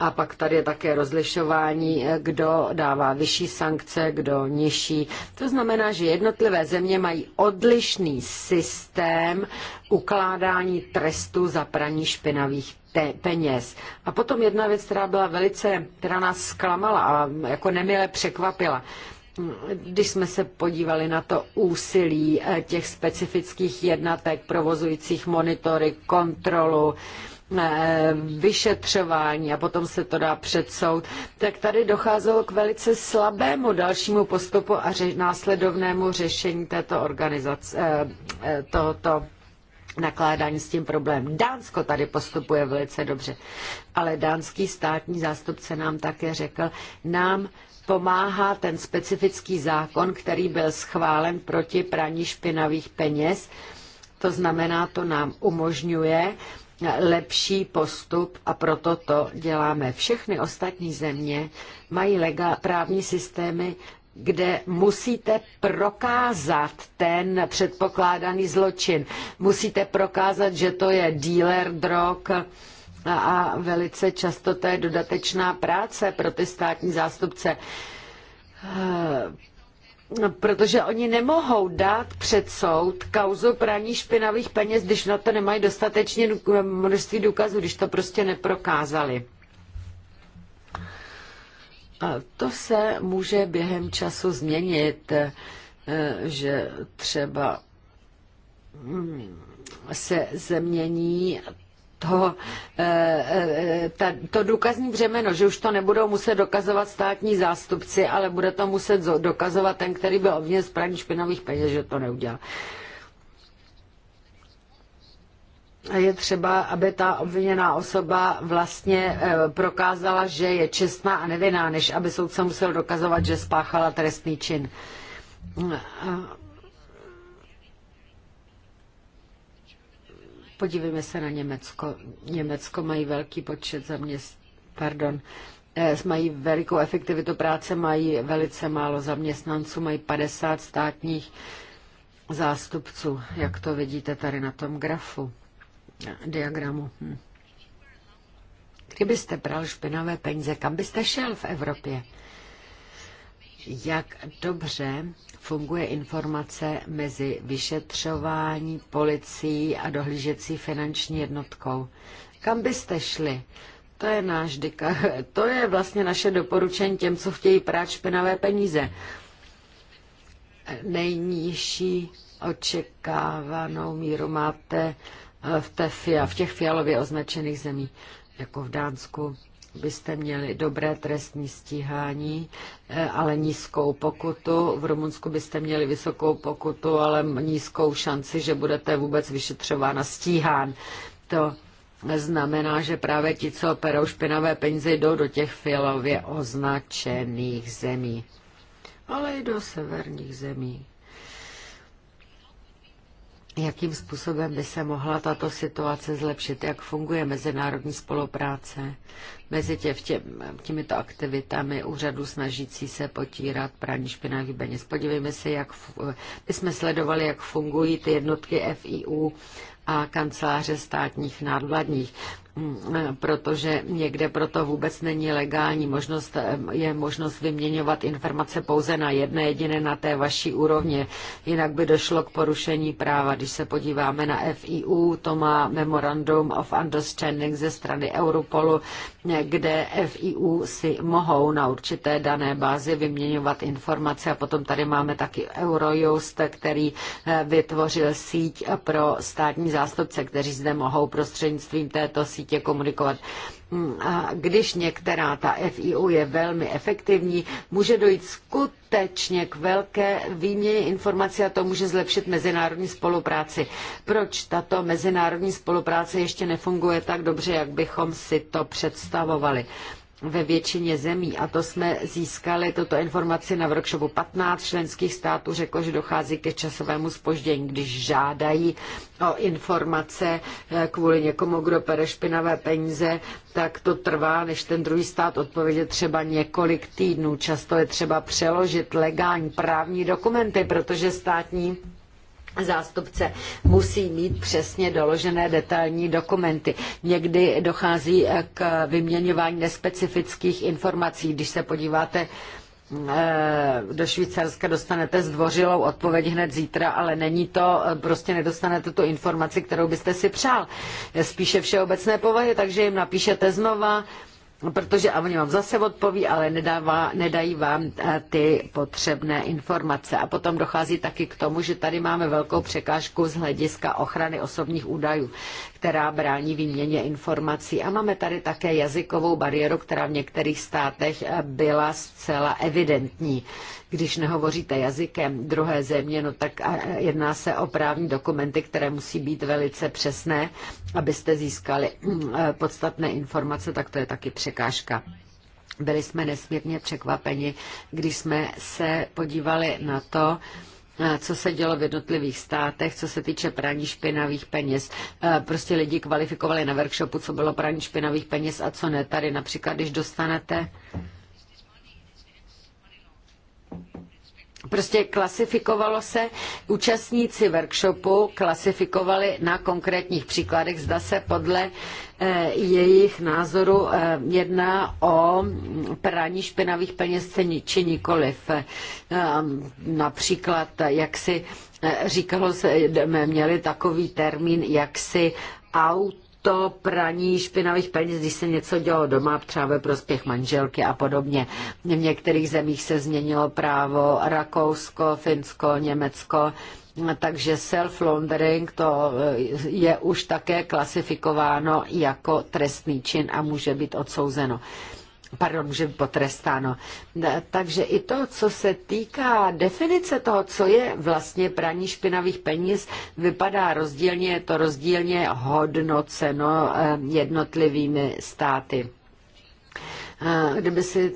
a pak tady je také rozlišování, eh, kdo dává vyšší sankce, kdo nižší. To znamená, že jednotlivé země mají odlišný systém ukládání trestu za praní špinavých te- peněz. A potom jedna věc, která byla velice, která nás zklamala a mm, jako nemile překvapila když jsme se podívali na to úsilí eh, těch specifických jednatek provozujících monitory, kontrolu, Eh, vyšetřování a potom se to dá před soud, tak tady docházelo k velice slabému dalšímu postupu a ře- následovnému řešení této organizace, eh, eh, tohoto nakládání s tím problémem. Dánsko tady postupuje velice dobře, ale dánský státní zástupce nám také řekl, nám pomáhá ten specifický zákon, který byl schválen proti praní špinavých peněz. To znamená, to nám umožňuje lepší postup a proto to děláme. Všechny ostatní země mají legal, právní systémy, kde musíte prokázat ten předpokládaný zločin. Musíte prokázat, že to je dealer drog, a, velice často to je dodatečná práce pro ty státní zástupce protože oni nemohou dát před soud kauzu praní špinavých peněz, když na to nemají dostatečně množství důkazů, když to prostě neprokázali. A to se může během času změnit, eh, že třeba hm, se změní to, eh, eh, ta, to důkazní břemeno, že už to nebudou muset dokazovat státní zástupci, ale bude to muset dokazovat ten, který byl obviněn z praní špinavých peněz, že to neudělal. A je třeba, aby ta obviněná osoba vlastně eh, prokázala, že je čestná a nevinná, než aby soudce musel dokazovat, že spáchala trestný čin. A Podívejme se na Německo. Německo mají velký počet zaměst... Pardon, eh, mají velikou efektivitu práce, mají velice málo zaměstnanců, mají 50 státních zástupců, jak to vidíte tady na tom grafu, diagramu. Hm. Kdybyste bral špinavé peníze, kam byste šel v Evropě? jak dobře funguje informace mezi vyšetřování, policií a dohlížecí finanční jednotkou. Kam byste šli? To je náš dika, to je vlastně naše doporučení těm, co chtějí prát špinavé peníze. Nejnižší očekávanou míru máte eh, v, té, v těch fialově označených zemí, jako v Dánsku, byste měli dobré trestní stíhání, eh, ale nízkou pokutu. V Rumunsku byste měli vysokou pokutu, ale nízkou šanci, že budete vůbec vyšetřována stíhán. To znamená, že právě ti, co operou špinavé peníze, jdou do těch filově označených zemí, ale i do severních zemí jakým způsobem by se mohla tato situace zlepšit, jak funguje mezinárodní spolupráce mezi tě, tě, těmito aktivitami úřadu snažící se potírat praní špinavých peněz. Podívejme se, jak my jsme sledovali, jak fungují ty jednotky FIU a kanceláře státních nadvladních protože někde proto vůbec není legální možnost, je možnost vyměňovat informace pouze na jedné jediné na té vaší úrovně, jinak by došlo k porušení práva. Když se podíváme na FIU, to má Memorandum of Understanding ze strany Europolu, kde FIU si mohou na určité dané bázi vyměňovat informace a potom tady máme taky Eurojust, který eh, vytvořil síť pro státní zástupce, kteří zde mohou prostřednictvím této sítě sítě komunikovat. Hmm, a když některá ta FIU je velmi efektivní, může dojít skutečně k velké výměně informací a to může zlepšit mezinárodní spolupráci. Proč tato mezinárodní spolupráce ještě nefunguje tak dobře, jak bychom si to představovali? ve většině zemí, a to jsme získali toto informaci na workshopu 15 členských států, řeklo, že dochází ke časovému spoždění, když žádají o informace eh, kvůli někomu, kdo pere špinavé peníze, tak to trvá, než ten druhý stát odpovědě třeba několik týdnů. Často je třeba přeložit legální právní dokumenty, protože státní zástupce musí mít přesně doložené detailní dokumenty. Někdy dochází k vyměňování nespecifických informací. Když se podíváte eh, do Švýcarska dostanete zdvořilou odpověď hned zítra, ale není to, eh, prostě nedostanete tu informaci, kterou byste si přál. Spíše všeobecné povahy, takže jim napíšete znova, protože a oni vám zase odpoví, ale nedává, nedají vám eh, ty potřebné informace. A potom dochází taky k tomu, že tady máme velkou překážku z hlediska ochrany osobních údajů, která brání výměně informací. A máme tady také jazykovou bariéru, která v některých státech eh, byla zcela evidentní. Když nehovoříte jazykem druhé země, no tak eh, jedná se o právní dokumenty, které musí být velice přesné, abyste získali mm, eh, podstatné informace, tak to je taky překážka. Byli jsme nesmírně překvapeni, když jsme se podívali na to, Eh, co se dělo v jednotlivých státech, co se týče praní špinavých peněz. Eh, prostě lidi kvalifikovali na workshopu, co bylo praní špinavých peněz a co ne. Tady například, když dostanete Prostě klasifikovalo se, účastníci workshopu klasifikovali na konkrétních příkladech, zda se podle eh, jejich názoru eh, jedná o praní špinavých peněz či nikoliv. Eh, například, jak si říkalo, se, měli takový termín, jak si aut to praní špinavých peněz, když se něco dělo doma, třeba ve prospěch manželky a podobně. V některých zemích se změnilo právo Rakousko, Finsko, Německo, takže self-laundering to eh, je už také klasifikováno jako trestný čin a může být odsouzeno pardon, může být potrestáno. Takže i to, co se týká definice toho, co je vlastně praní špinavých peněz, vypadá rozdílně, je to rozdílně hodnoceno eh, jednotlivými státy eh, kdyby si,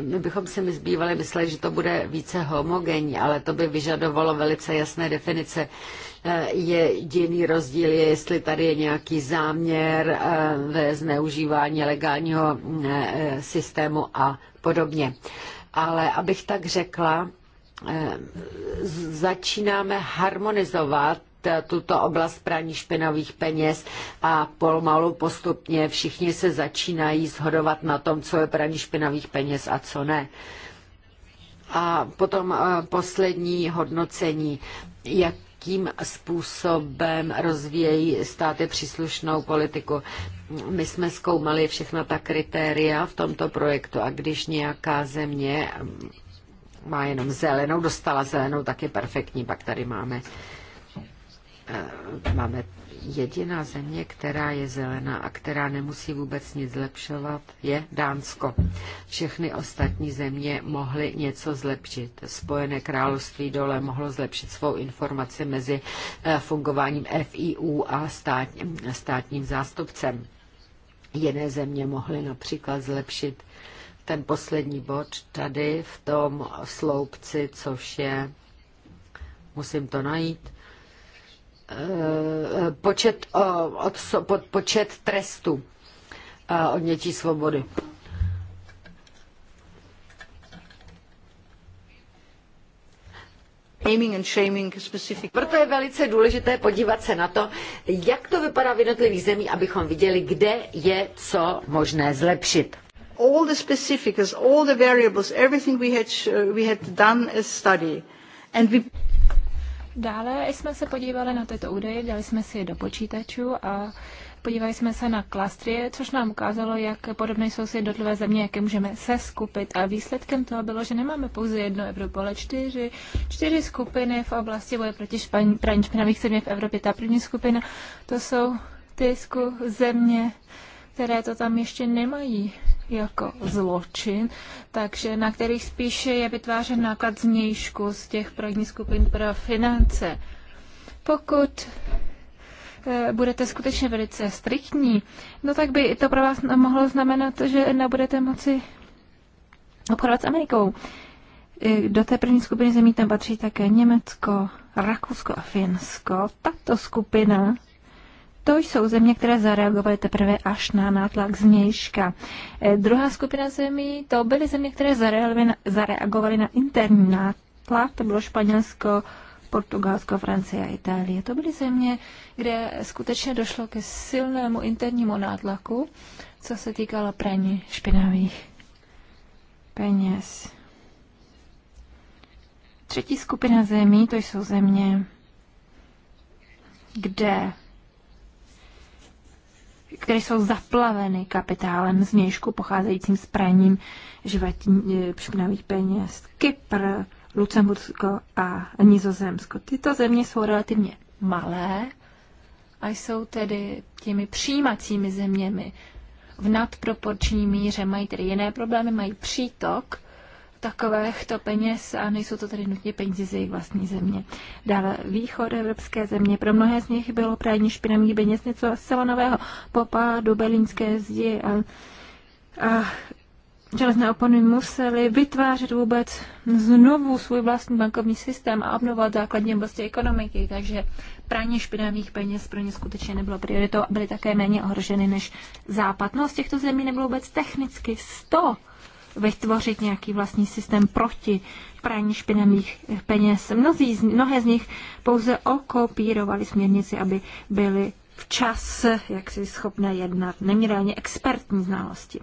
my bychom si my zbývali mysleli, že to bude více homogenní, ale to by vyžadovalo velice jasné definice. Eh, je jiný rozdíl je, jestli tady je nějaký záměr eh, ve zneužívání legálního mm, eh, systému a podobně. Ale abych tak řekla, začínáme harmonizovat tuto oblast praní špinavých peněz a pomalu postupně všichni se začínají shodovat na tom, co je praní špinavých peněz a co ne. A potom poslední hodnocení. Jak jakým způsobem rozvíjejí státy příslušnou politiku. My jsme zkoumali všechna ta kritéria v tomto projektu a když nějaká země má jenom zelenou, dostala zelenou, tak je perfektní. Pak tady máme, eh, máme jediná země, která je zelená a která nemusí vůbec nic zlepšovat, je Dánsko. Všechny ostatní země mohly něco zlepšit. Spojené království dole mohlo zlepšit svou informaci mezi eh, fungováním FIU a státním, státním zástupcem. Jiné země mohly například zlepšit ten poslední bod tady v tom sloupci, což je, musím to najít, Eh, počet, od, počet trestů eh, odnětí svobody. and shaming specific. Proto je velice důležité podívat se na to, jak to vypadá v jednotlivých zemích, abychom viděli, kde je co možné zlepšit. All the specifics, all the variables, everything we had, uh, we had done a study. And we... Dále jsme se podívali na tyto údaje, dali jsme si je do počítačů a podívali jsme se na klastry, což nám ukázalo, jak podobné jsou si jednotlivé země, jaké je můžeme se skupit. A výsledkem toho bylo, že nemáme pouze jedno Evropu, ale čtyři, čtyři skupiny v oblasti boje proti španí, praní špinavých země v Evropě. Ta první skupina, to jsou ty země, které to tam ještě nemají jako zločin, takže na kterých spíše je vytvářen náklad znějšku z těch projektních skupin pro finance. Pokud eh, budete skutečně velice striktní, no tak by to pro vás mohlo znamenat, že nebudete moci obchodovat s Amerikou. Eh, do té první skupiny zemí tam patří také Německo, Rakousko a Finsko. Tato skupina to jsou země, které zareagovaly teprve až na nátlak změjška. Eh, druhá skupina zemí, to byly země, které zareagovaly na interní nátlak, to bylo Španělsko, Portugalsko, Francie a Itálie. To byly země, kde skutečně došlo ke silnému internímu nátlaku, co se týkalo praní špinavých peněz. Třetí skupina zemí, to jsou země, kde které jsou zaplaveny kapitálem z měšku pocházejícím z praním špinavých eh, peněz. Kypr, Lucembursko a Nizozemsko. Tyto země jsou relativně malé a jsou tedy těmi přijímacími zeměmi. V nadproporční míře mají tedy jiné problémy, mají přítok takovýchto peněz a nejsou to tedy nutně peníze z jejich vlastní země. Dále východ evropské země. Pro mnohé z nich bylo prání špinavých peněz něco zcela nového. Popa do berlínské zdi a, a železné opony museli vytvářet vůbec znovu svůj vlastní bankovní systém a obnovovat základní oblasti ekonomiky, takže praní špinavých peněz pro ně skutečně nebylo prioritou a byly také méně ohroženy než západnost. No, z těchto zemí nebylo vůbec technicky 100 vytvořit nějaký vlastní systém proti praní špinavých peněz. Mnozí, mnohé z nich pouze okopírovali směrnici, aby byly včas jak si schopné jednat, neměly ani expertní znalosti.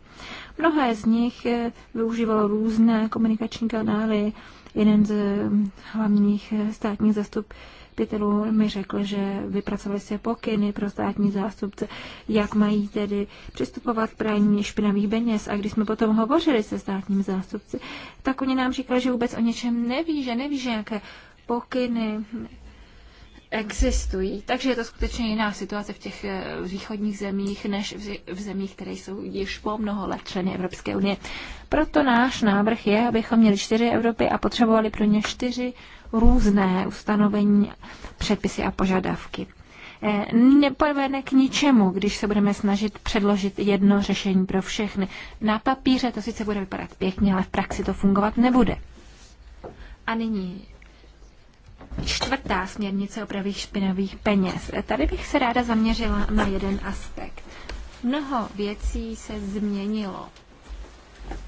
Mnohé z nich eh, využívalo různé komunikační kanály. Jeden z hm, hlavních eh, státních zastupů titulů mi řekl, že vypracovali se pokyny pro státní zástupce, jak mají tedy přistupovat k praní špinavých peněz. A když jsme potom hovořili se státním zástupci, tak oni nám říkali, že vůbec o něčem neví, že neví, že jaké pokyny existují. Takže je to skutečně jiná situace v těch eh, východních zemích, než v zemích, které jsou již po mnoho let členy Evropské unie. Proto náš návrh je, abychom měli čtyři Evropy a potřebovali pro ně čtyři různé ustanovení, předpisy a požadavky. Eh, nepovede k ničemu, když se budeme snažit předložit jedno řešení pro všechny. Na papíře to sice bude vypadat pěkně, ale v praxi to fungovat nebude. A nyní čtvrtá směrnice o pravých špinavých peněz. Eh, tady bych se ráda zaměřila na jeden aspekt. Mnoho věcí se změnilo.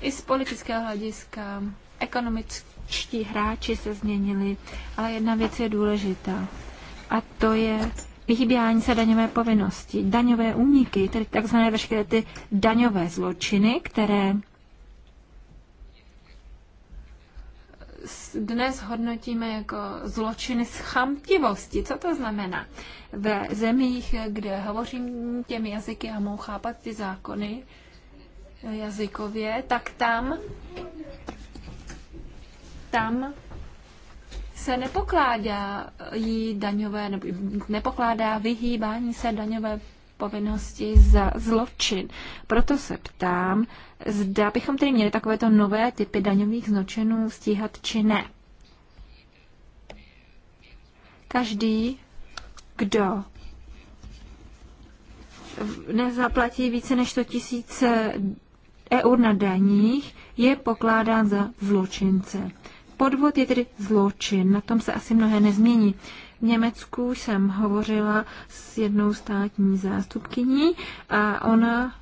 I z politického hlediska, ekonomického čtí hráči se změnili, ale jedna věc je důležitá. A to je vyhýbání se daňové povinnosti, daňové úniky, tedy takzvané veškeré ty daňové zločiny, které dnes hodnotíme jako zločiny schamtivosti. Co to znamená? Ve zemích, kde hovořím těmi jazyky a mohu chápat ty zákony jazykově, tak tam tam se nepokládá jí daňové, nebo nepokládá vyhýbání se daňové povinnosti za zločin. Proto se ptám, zda bychom tedy měli takovéto nové typy daňových zločinů stíhat či ne. Každý, kdo nezaplatí více než 100 000 eur na daních, je pokládán za zločince. Podvod je tedy zločin, na tom se asi mnohé nezmění. V Německu jsem hovořila s jednou státní zástupkyní a ona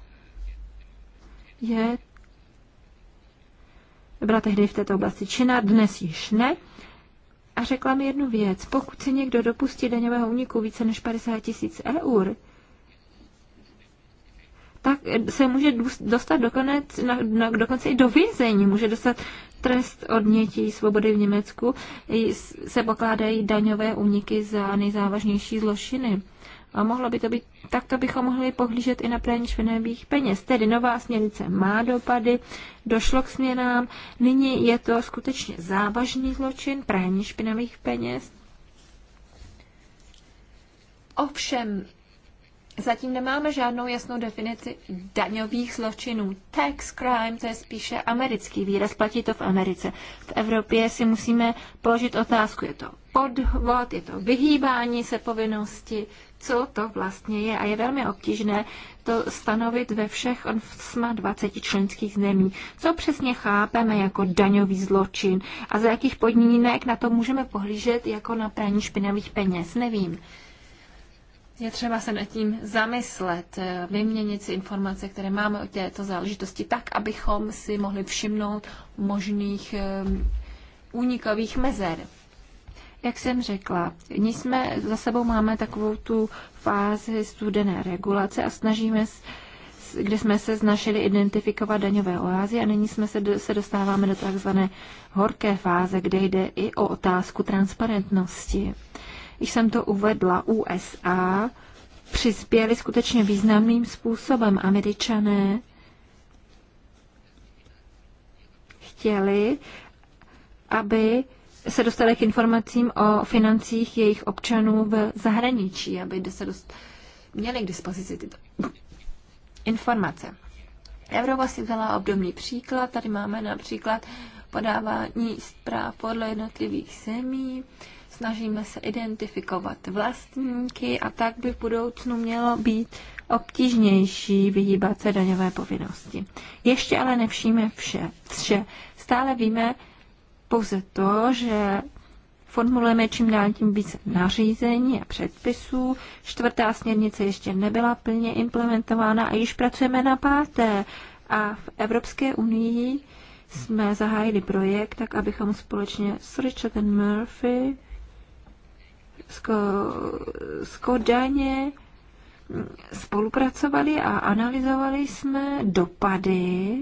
je byla tehdy v této oblasti činná, dnes již ne. A řekla mi jednu věc. Pokud se někdo dopustí daňového úniku více než 50 tisíc eur, tak se může dostat dokonec, na, na, dokonce i do vězení, může dostat trest odnětí svobody v Německu se pokládají daňové úniky za nejzávažnější zločiny. A mohlo by to být, takto bychom mohli pohlížet i na praní špinavých peněz. Tedy nová směrnice má dopady, došlo k směnám, nyní je to skutečně závažný zločin praní špinavých peněz. Ovšem, Zatím nemáme žádnou jasnou definici daňových zločinů. Tax crime, to je spíše americký výraz, platí to v Americe. V Evropě si musíme položit otázku, je to podvod, je to vyhýbání se povinnosti, co to vlastně je. A je velmi obtížné to stanovit ve všech 28 členských zemí. Co přesně chápeme jako daňový zločin a za jakých podmínek na to můžeme pohlížet jako na praní špinavých peněz, nevím. Je třeba se nad tím zamyslet, eh, vyměnit si informace, které máme o této záležitosti, tak, abychom si mohli všimnout možných eh, únikových mezer. Jak jsem řekla, my jsme za sebou máme takovou tu fázi studené regulace a snažíme se kde jsme se snažili identifikovat daňové oázy a nyní jsme se, se dostáváme do takzvané horké fáze, kde jde i o otázku transparentnosti když jsem to uvedla, USA přispěli skutečně významným způsobem. Američané chtěli, aby se dostali k informacím o financích jejich občanů v zahraničí, aby se dost... měli k dispozici tyto informace. Evropa si vzala obdobný příklad. Tady máme například podávání zpráv podle jednotlivých zemí snažíme se identifikovat vlastníky a tak by v budoucnu mělo být obtížnější vyhýbat se daňové povinnosti. Ještě ale nevšíme vše. vše. Stále víme pouze to, že formulujeme čím dál tím více nařízení a předpisů. Čtvrtá směrnice ještě nebyla plně implementována a již pracujeme na páté. A v Evropské unii jsme zahájili projekt, tak abychom společně s Richardem Murphy z Kodaně spolupracovali a analyzovali jsme dopady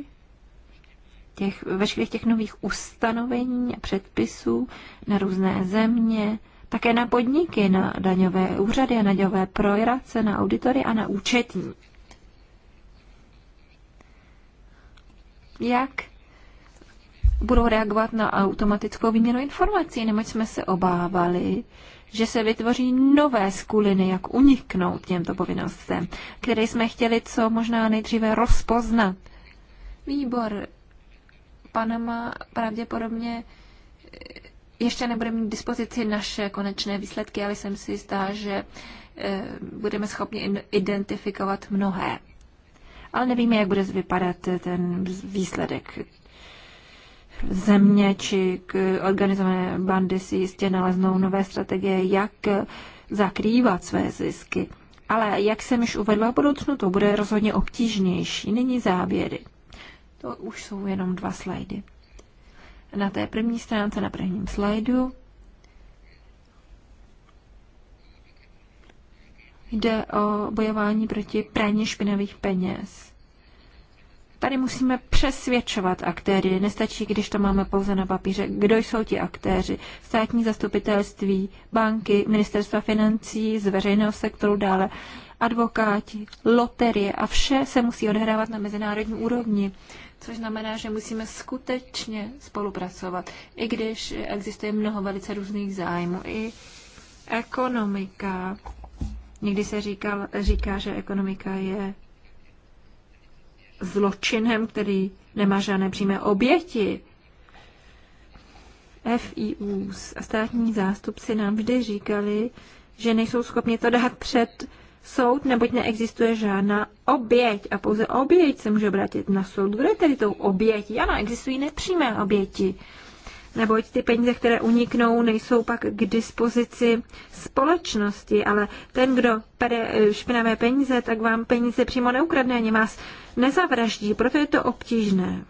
těch, veškerých těch nových ustanovení a předpisů na různé země, také na podniky, na daňové úřady a daňové projrace, na auditory a na účetní. Jak budou reagovat na automatickou výměnu informací, neboť jsme se obávali, že se vytvoří nové skuliny, jak uniknout těmto povinnostem, které jsme chtěli co možná nejdříve rozpoznat. Výbor Panama pravděpodobně eh, ještě nebude mít dispozici naše konečné výsledky, ale jsem si jistá, že eh, budeme schopni identifikovat mnohé. Ale nevíme, jak bude vypadat ten výsledek země či k organizované bandy si jistě naleznou nové strategie, jak zakrývat své zisky. Ale jak jsem již uvedla v budoucnu, to bude rozhodně obtížnější. Nyní záběry. To už jsou jenom dva slajdy. Na té první stránce, na prvním slajdu, jde o bojování proti praní špinavých peněz. Tady musíme přesvědčovat aktéry. Nestačí, když to máme pouze na papíře. Kdo jsou ti aktéři? Státní zastupitelství, banky, ministerstva financí, z veřejného sektoru dále, advokáti, loterie a vše se musí odehrávat na mezinárodní úrovni. Což znamená, že musíme skutečně spolupracovat, i když existuje mnoho velice různých zájmů. I ekonomika. Někdy se říká, říká že ekonomika je zločinem, který nemá žádné přímé oběti. FIU a státní zástupci nám vždy říkali, že nejsou schopni to dát před soud, neboť neexistuje žádná oběť a pouze oběť se může obrátit na soud. Kdo je tedy tou obětí? Ano, existují nepřímé oběti, neboť ty peníze, které uniknou, nejsou pak k dispozici společnosti, ale ten, kdo pere eh, špinavé peníze, tak vám peníze přímo neukradne, ani vás nezavraždí, proto je to obtížné.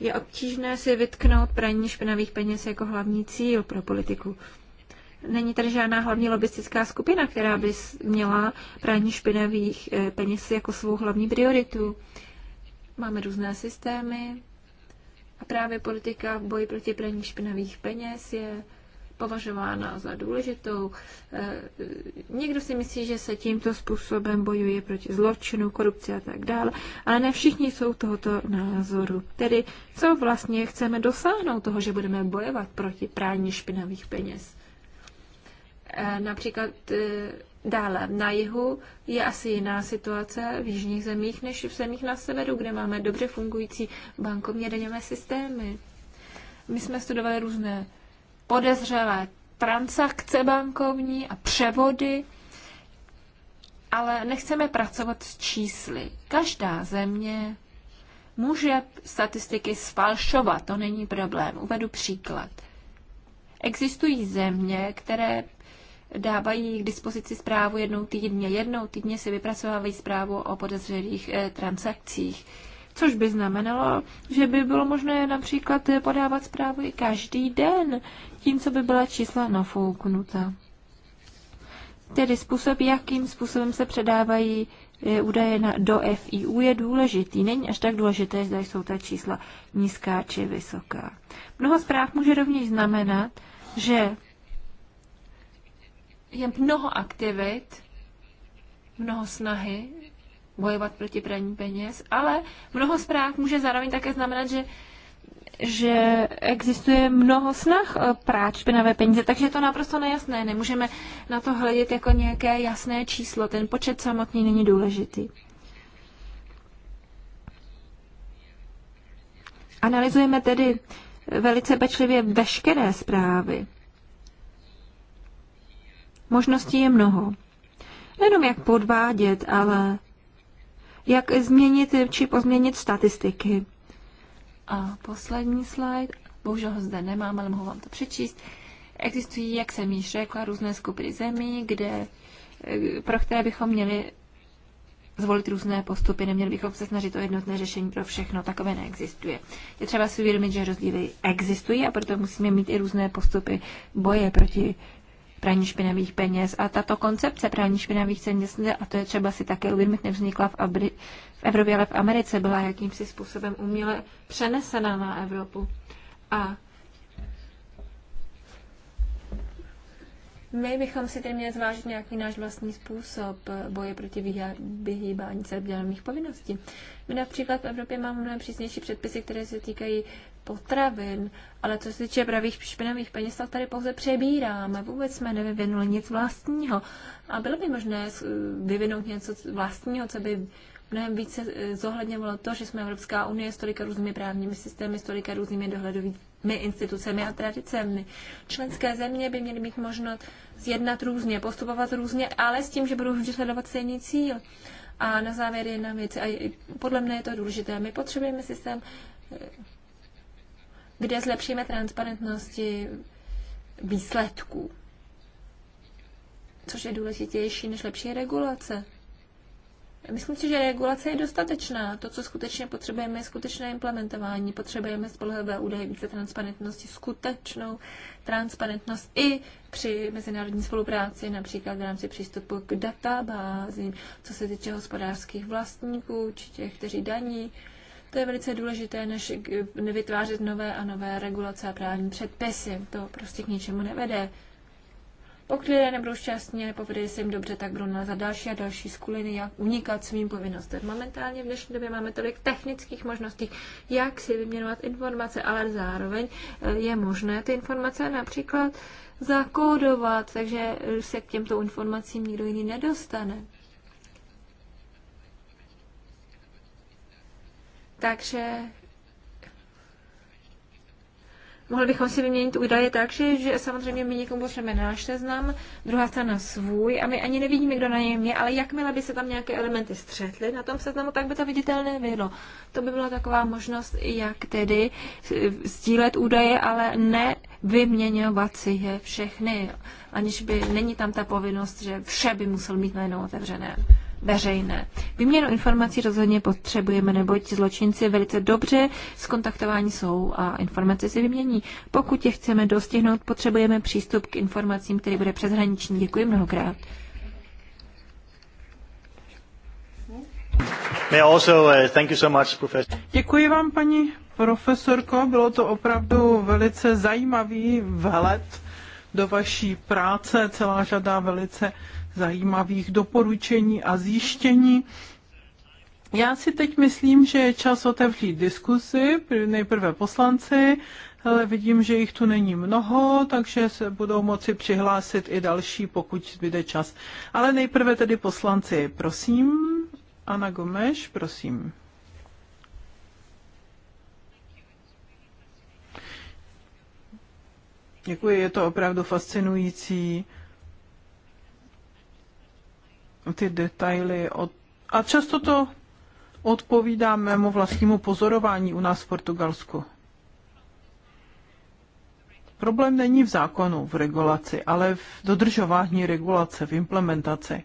Je obtížné si vytknout praní špinavých peněz jako hlavní cíl pro politiku. Není tady žádná hlavní lobistická skupina, která by měla praní špinavých eh, peněz jako svou hlavní prioritu. Máme různé systémy a právě politika v boji proti praní špinavých peněz je považována za důležitou. Eh, někdo si myslí, že se tímto způsobem bojuje proti zločinu, korupci a tak dále, ale ne všichni jsou tohoto názoru. Tedy co vlastně chceme dosáhnout toho, že budeme bojovat proti prání špinavých peněz? Eh, například eh, Dále, na jihu je asi jiná situace v jižních zemích než v zemích na severu, kde máme dobře fungující bankovně daňové systémy. My jsme studovali různé podezřelé transakce bankovní a převody, ale nechceme pracovat s čísly. Každá země může statistiky sfalšovat, to není problém. Uvedu příklad. Existují země, které dávají k dispozici zprávu jednou týdně. Jednou týdně si vypracovávají zprávu o podezřelých eh, transakcích, což by znamenalo, že by bylo možné například podávat zprávu i každý den tím, co by byla čísla nafouknuta. Tedy způsob, jakým způsobem se předávají e, údaje na, do FIU je důležitý. Není až tak důležité, zda jsou ta čísla nízká či vysoká. Mnoho zpráv může rovněž znamenat, že je mnoho aktivit, mnoho snahy bojovat proti praní peněz, ale mnoho zpráv může zároveň také znamenat, že že existuje mnoho snah eh, práč špinavé peníze, takže je to naprosto nejasné. Nemůžeme na to hledět jako nějaké jasné číslo. Ten počet samotný není důležitý. Analyzujeme tedy velice pečlivě veškeré zprávy. Možností je mnoho. Nejenom jak podvádět, ale jak změnit či pozměnit statistiky. A poslední slide, bohužel ho zde nemám, ale mohu vám to přečíst. Existují, jak jsem již řekla, různé skupiny zemí, kde, eh, pro které bychom měli zvolit různé postupy, neměli bychom se snažit o jednotné řešení pro všechno, takové neexistuje. Je třeba si uvědomit, že rozdíly existují a proto musíme mít i různé postupy boje proti praní špinavých peněz. A tato koncepce praní špinavých peněz, a to je třeba si také uvědomit, nevznikla v, Abri- v Evropě, ale v Americe byla jakýmsi způsobem uměle přenesena na Evropu. A My bychom si tedy měli zvážit nějaký náš vlastní způsob boje proti vyhýbání se dělených povinností. My například v Evropě máme mnohem přísnější předpisy, které se týkají potravin, ale co se týče pravých špinavých peněz, tak tady pouze přebíráme. Vůbec jsme nevyvinuli nic vlastního. A bylo by možné vyvinout něco vlastního, co by mnohem více eh, zohledňovalo to, že jsme Evropská unie s tolika různými právními systémy, s tolika různými dohledovými institucemi a tradicemi. Členské země by měly mít možnost zjednat různě, postupovat různě, ale s tím, že budou vždy sledovat stejný cíl. A na závěr jedna věc, a podle mě je to důležité, my potřebujeme systém, eh, kde zlepšíme transparentnosti výsledků, což je důležitější než lepší regulace. Myslím si, že regulace je dostatečná. To, co skutečně potřebujeme, je skutečné implementování. Potřebujeme spolehlivé údaje, více transparentnosti, skutečnou transparentnost i při mezinárodní spolupráci, například v rámci přístupu k databázím, co se týče hospodářských vlastníků či těch, kteří daní. To je velice důležité, než nevytvářet nové a nové regulace a právní předpisy. To prostě k ničemu nevede. Pokud lidé nebudou šťastní, nepovede se jim dobře, tak budou nalézat další a další skuliny, jak unikat svým povinnostem. Momentálně v dnešní době máme tolik technických možností, jak si vyměňovat informace, ale zároveň eh, je možné ty informace například zakódovat, takže eh, se k těmto informacím nikdo jiný nedostane. Takže mohli bychom si vyměnit údaje tak, že, že samozřejmě my někomu pošleme náš seznam, druhá strana svůj a my ani nevidíme, kdo na něm je, ale jakmile by se tam nějaké elementy střetly na tom seznamu, tak by to viditelné bylo. To by byla taková možnost, jak tedy eh, sdílet údaje, ale ne vyměňovat si je všechny, aniž by, není tam ta povinnost, že vše by musel mít najednou otevřené veřejné. Vyměnu informací rozhodně potřebujeme, neboť zločinci velice dobře skontaktování jsou a informace si vymění. Pokud je chceme dostihnout, potřebujeme přístup k informacím, který bude přeshraniční. Děkuji mnohokrát. Uh, Děkuji vám, paní profesorko. Bylo to opravdu velice zajímavý vhled do vaší práce, celá řada velice zajímavých doporučení a zjištění. Já si teď myslím, že je čas otevřít diskusi, nejprve poslanci, ale vidím, že jich tu není mnoho, takže se budou moci přihlásit i další, pokud zbyde čas. Ale nejprve tedy poslanci, prosím. Ana Gomeš, prosím. Děkuji, je to opravdu fascinující ty detaily. Od... A často to odpovídá mému vlastnímu pozorování u nás v Portugalsku. Problém není v zákonu, v regulaci, ale v dodržování regulace, v implementaci.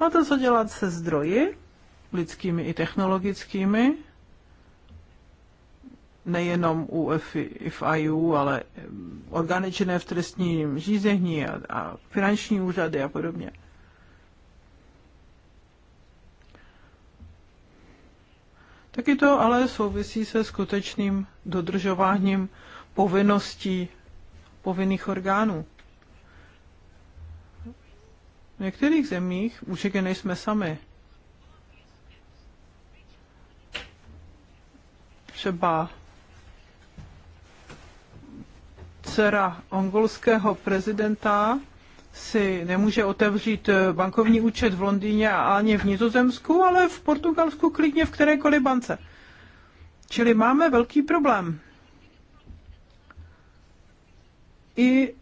Máte co dělat se zdroji, lidskými i technologickými, nejenom u FIU, ale mm, orgány činné v trestním řízení a, a finanční úřady a podobně. Taky to ale souvisí se skutečným dodržováním povinností povinných orgánů. V některých zemích určitě nejsme sami. Třeba dcera angolského prezidenta si nemůže otevřít bankovní účet v Londýně a ani v Nizozemsku, ale v Portugalsku klidně v kterékoliv bance. Čili máme velký problém. I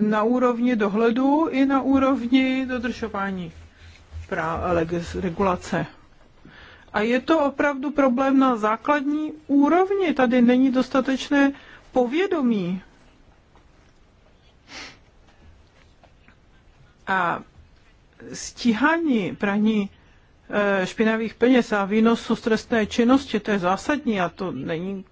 na úrovni dohledu, i na úrovni dodržování regulace. A je to opravdu problém na základní úrovni. Tady není dostatečné povědomí A stíhání praní e, špinavých peněz a výnosu z trestné činnosti, to je zásadní a to není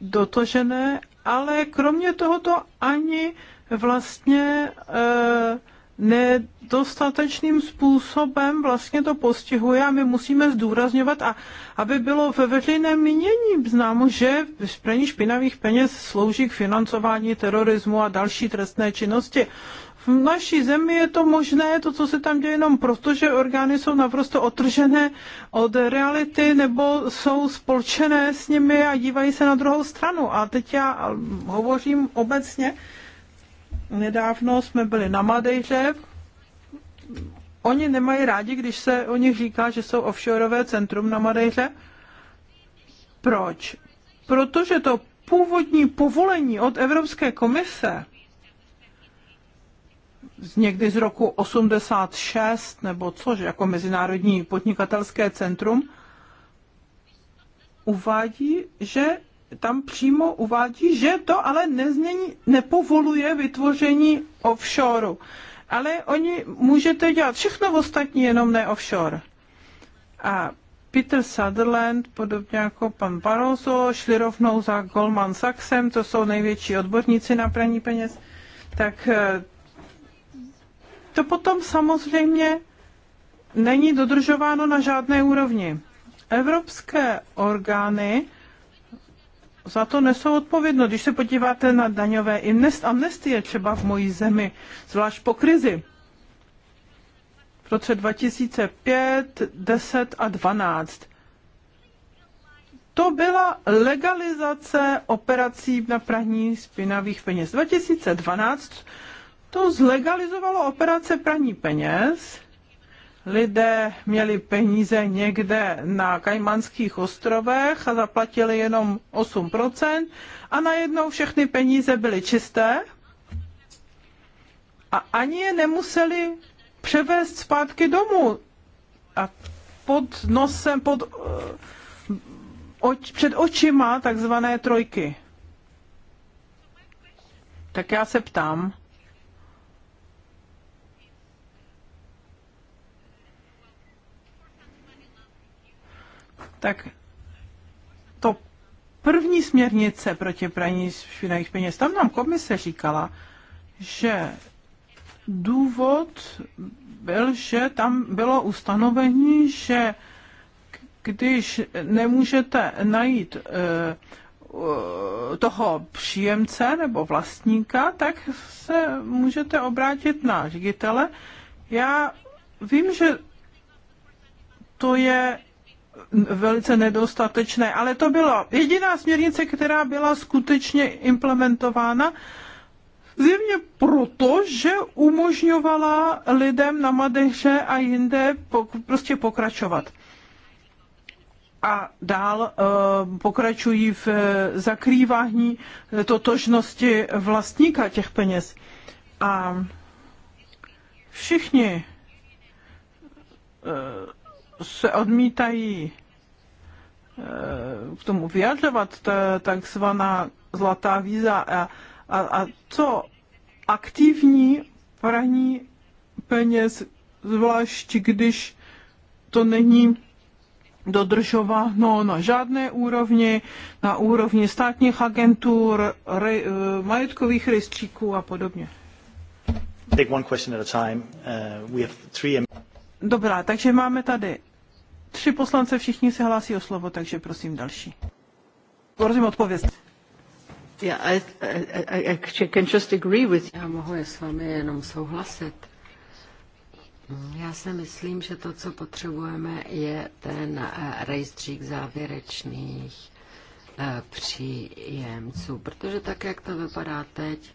dotožené, ale kromě tohoto ani vlastně e, nedostatečným způsobem vlastně to postihuje a my musíme zdůrazňovat, a aby bylo ve veřejném mínění známo, že praní špinavých peněz slouží k financování terorismu a další trestné činnosti. V naší zemi je to možné, to, co se tam děje, jenom proto, že orgány jsou naprosto otržené od reality nebo jsou spolčené s nimi a dívají se na druhou stranu. A teď já hovořím obecně. Nedávno jsme byli na Madejře. Oni nemají rádi, když se o nich říká, že jsou offshoreové centrum na Madejře. Proč? Protože to původní povolení od Evropské komise někdy z roku 86 nebo což, jako Mezinárodní podnikatelské centrum, uvádí, že tam přímo uvádí, že to ale nezmění, nepovoluje vytvoření offshoreu. Ale oni můžete dělat všechno ostatní, jenom ne offshore. A Peter Sutherland, podobně jako pan Barroso, šli rovnou za Goldman Sachsem, to jsou největší odborníci na praní peněz, tak eh, to potom samozřejmě není dodržováno na žádné úrovni. Evropské orgány za to nesou odpovědnost. Když se podíváte na daňové amnestie třeba v mojí zemi, zvlášť po krizi, v roce 2005, 10 a 12. To byla legalizace operací na praní spinavých peněz. 2012 to zlegalizovalo operace praní peněz. Lidé měli peníze někde na Kajmanských ostrovech a zaplatili jenom 8% a najednou všechny peníze byly čisté a ani je nemuseli převést zpátky domů. A pod nosem, pod, eh, oč, před očima takzvané trojky. Tak já se ptám, tak to první směrnice proti praní špinavých peněz, tam nám komise říkala, že důvod byl, že tam bylo ustanovení, že když nemůžete najít eh, toho příjemce nebo vlastníka, tak se můžete obrátit na ředitele. Já vím, že to je velice nedostatečné, ale to bylo jediná směrnice, která byla skutečně implementována, zjevně proto, že umožňovala lidem na Madeře a jinde prostě pokračovat. A dál eh, pokračují v eh, zakrývání totožnosti vlastníka těch peněz. A všichni eh, se odmítají eh, k tomu vyjadřovat, ta takzvaná zlatá víza a, a, a co aktivní praní peněz, zvlášť když to není dodržováno na žádné úrovni, na úrovni státních agentur, re, eh, majetkových rejstříků a podobně. Take one question at a time. Uh, we have three... Dobrá, takže máme tady tři poslance, všichni se hlásí o slovo, takže prosím další. Prosím odpověď. Yeah, I, I, I can just agree with you. Já mohu je s vámi jenom souhlasit. Já si myslím, že to, co potřebujeme, je ten eh, rejstřík závěrečných eh, příjemců, protože tak, jak to vypadá teď,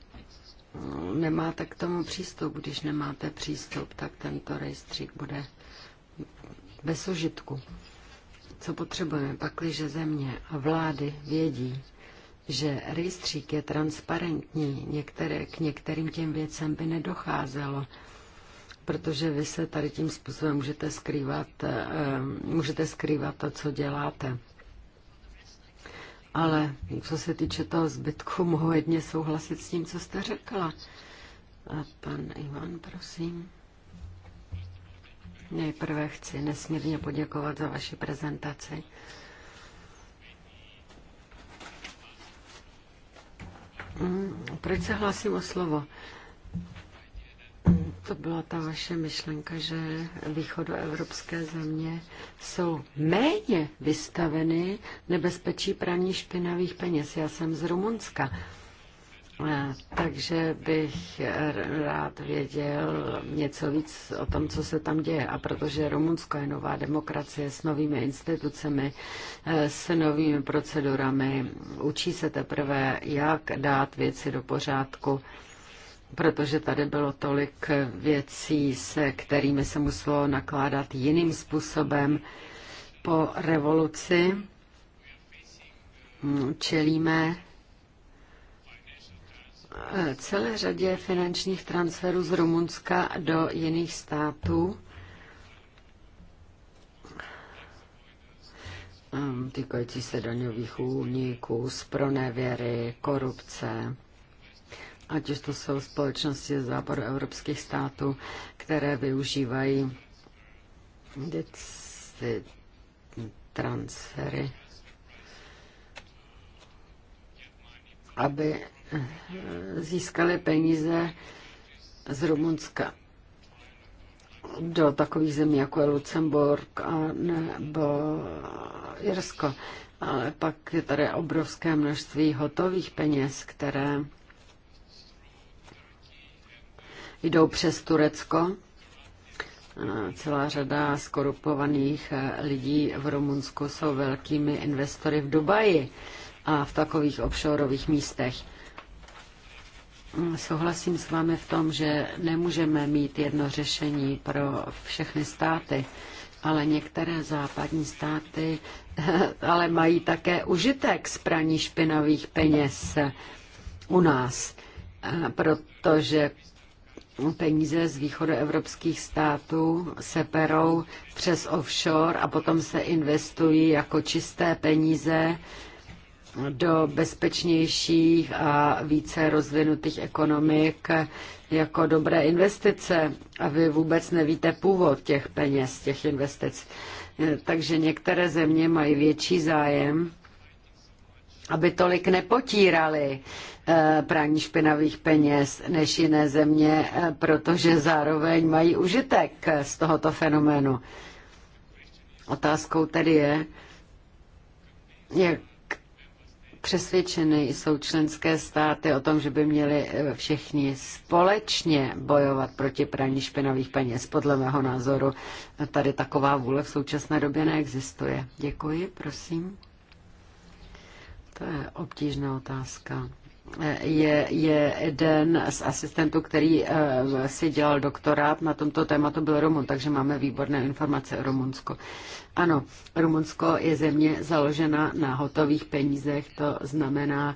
nemáte k tomu přístup. Když nemáte přístup, tak tento rejstřík bude bez užitku. Co potřebujeme, pakliže země a vlády vědí, že rejstřík je transparentní, některé, k některým těm věcem by nedocházelo, protože vy se tady tím způsobem můžete skrývat, eh, můžete skrývat to, co děláte. Ale co se týče toho zbytku, mohu jedně souhlasit s tím, co jste řekla. A pan Ivan, prosím. Nejprve chci nesmírně poděkovat za vaši prezentaci. Mm, proč se hlásím o slovo? To byla ta vaše myšlenka, že východoevropské země jsou méně vystaveny nebezpečí praní špinavých peněz. Já jsem z Rumunska. Takže bych rád věděl něco víc o tom, co se tam děje. A protože Rumunsko je nová demokracie s novými institucemi, e, s novými procedurami, učí se teprve, jak dát věci do pořádku protože tady bylo tolik věcí, se kterými se muselo nakládat jiným způsobem po revoluci. Hm, čelíme eh, celé řadě finančních transferů z Rumunska do jiných států. Ehm, týkající se daňových úniků, pronevěry, korupce ať už to jsou společnosti z západu evropských států, které využívají ty transfery, aby získali peníze z Rumunska do takových zemí, jako je Lucemburg a nebo Jirsko. Ale pak je tady obrovské množství hotových peněz, které jdou přes Turecko. Celá řada skorupovaných eh, lidí v Rumunsku jsou velkými investory v Dubaji a v takových offshoreových místech. Mm, souhlasím s vámi v tom, že nemůžeme mít jedno řešení pro všechny státy, ale některé západní státy ale mají také užitek z praní špinavých peněz u nás, eh, protože peníze z evropských států se perou přes offshore a potom se investují jako čisté peníze do bezpečnějších a více rozvinutých ekonomik jako dobré investice a vy vůbec nevíte původ těch peněz, těch investic. Takže některé země mají větší zájem aby tolik nepotírali eh, praní špinavých peněz než jiné země, eh, protože zároveň mají užitek eh, z tohoto fenoménu. Otázkou tedy je, jak přesvědčeny jsou členské státy o tom, že by měli všichni společně bojovat proti praní špinavých peněz. Podle mého názoru tady taková vůle v současné době neexistuje. Děkuji, prosím. To je obtížná otázka je, je jeden z asistentů, který uh, si dělal doktorát na tomto tématu, byl Rumun, takže máme výborné informace o Rumunsku. Ano, Rumunsko je země založena na hotových penízech, to znamená,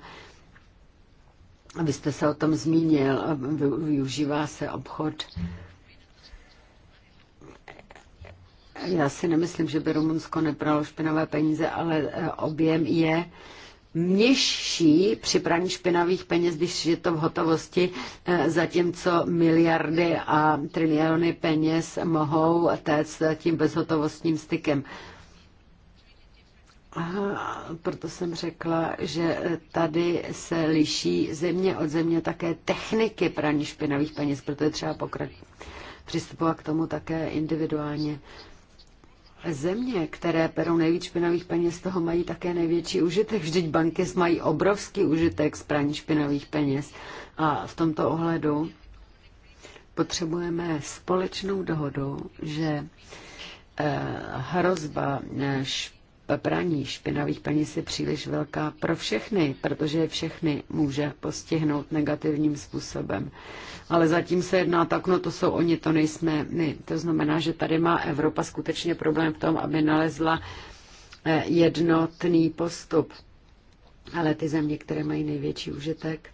vy jste se o tom zmínil, využívá se obchod. Já si nemyslím, že by Rumunsko nepralo špinavé peníze, ale eh, objem je uh, nižší při praní špinavých peněz, když je to v hotovosti, eh, zatímco miliardy a triliony peněz mohou téct tím bezhotovostním stykem. Aha, proto jsem řekla, že tady se liší země od země také techniky praní špinavých peněz, proto je třeba pokračovat přistupovat k tomu také individuálně země, které perou nejvíc špinavých peněz, toho mají také největší užitek. Vždyť banky mají obrovský užitek z praní špinavých peněz. A v tomto ohledu potřebujeme společnou dohodu, že eh, hrozba eh, špinavých praní špinavých peněz je příliš velká pro všechny, protože všechny může postihnout negativním způsobem. Ale zatím se jedná tak, no to jsou oni, to nejsme my. To znamená, že tady má Evropa skutečně problém v tom, aby nalezla eh, jednotný postup. Ale ty země, které mají největší užitek,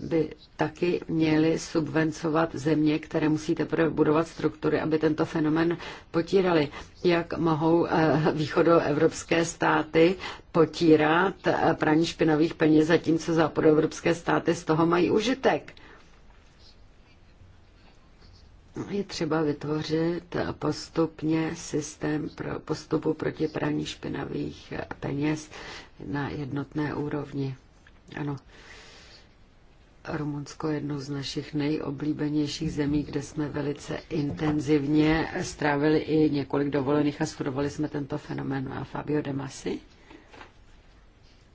by taky měly subvencovat země, které musí teprve budovat struktury, aby tento fenomen potírali. Jak mohou eh, východoevropské státy potírat eh, praní špinavých peněz, zatímco západoevropské státy z toho mají užitek? Je třeba vytvořit postupně systém pro postupu proti praní špinavých eh, peněz na jednotné úrovni. Ano. Rumunsko je z našich nejoblíbenějších zemí, kde jsme velice intenzivně strávili i několik dovolených a studovali jsme tento fenomén. A Fabio De Masi?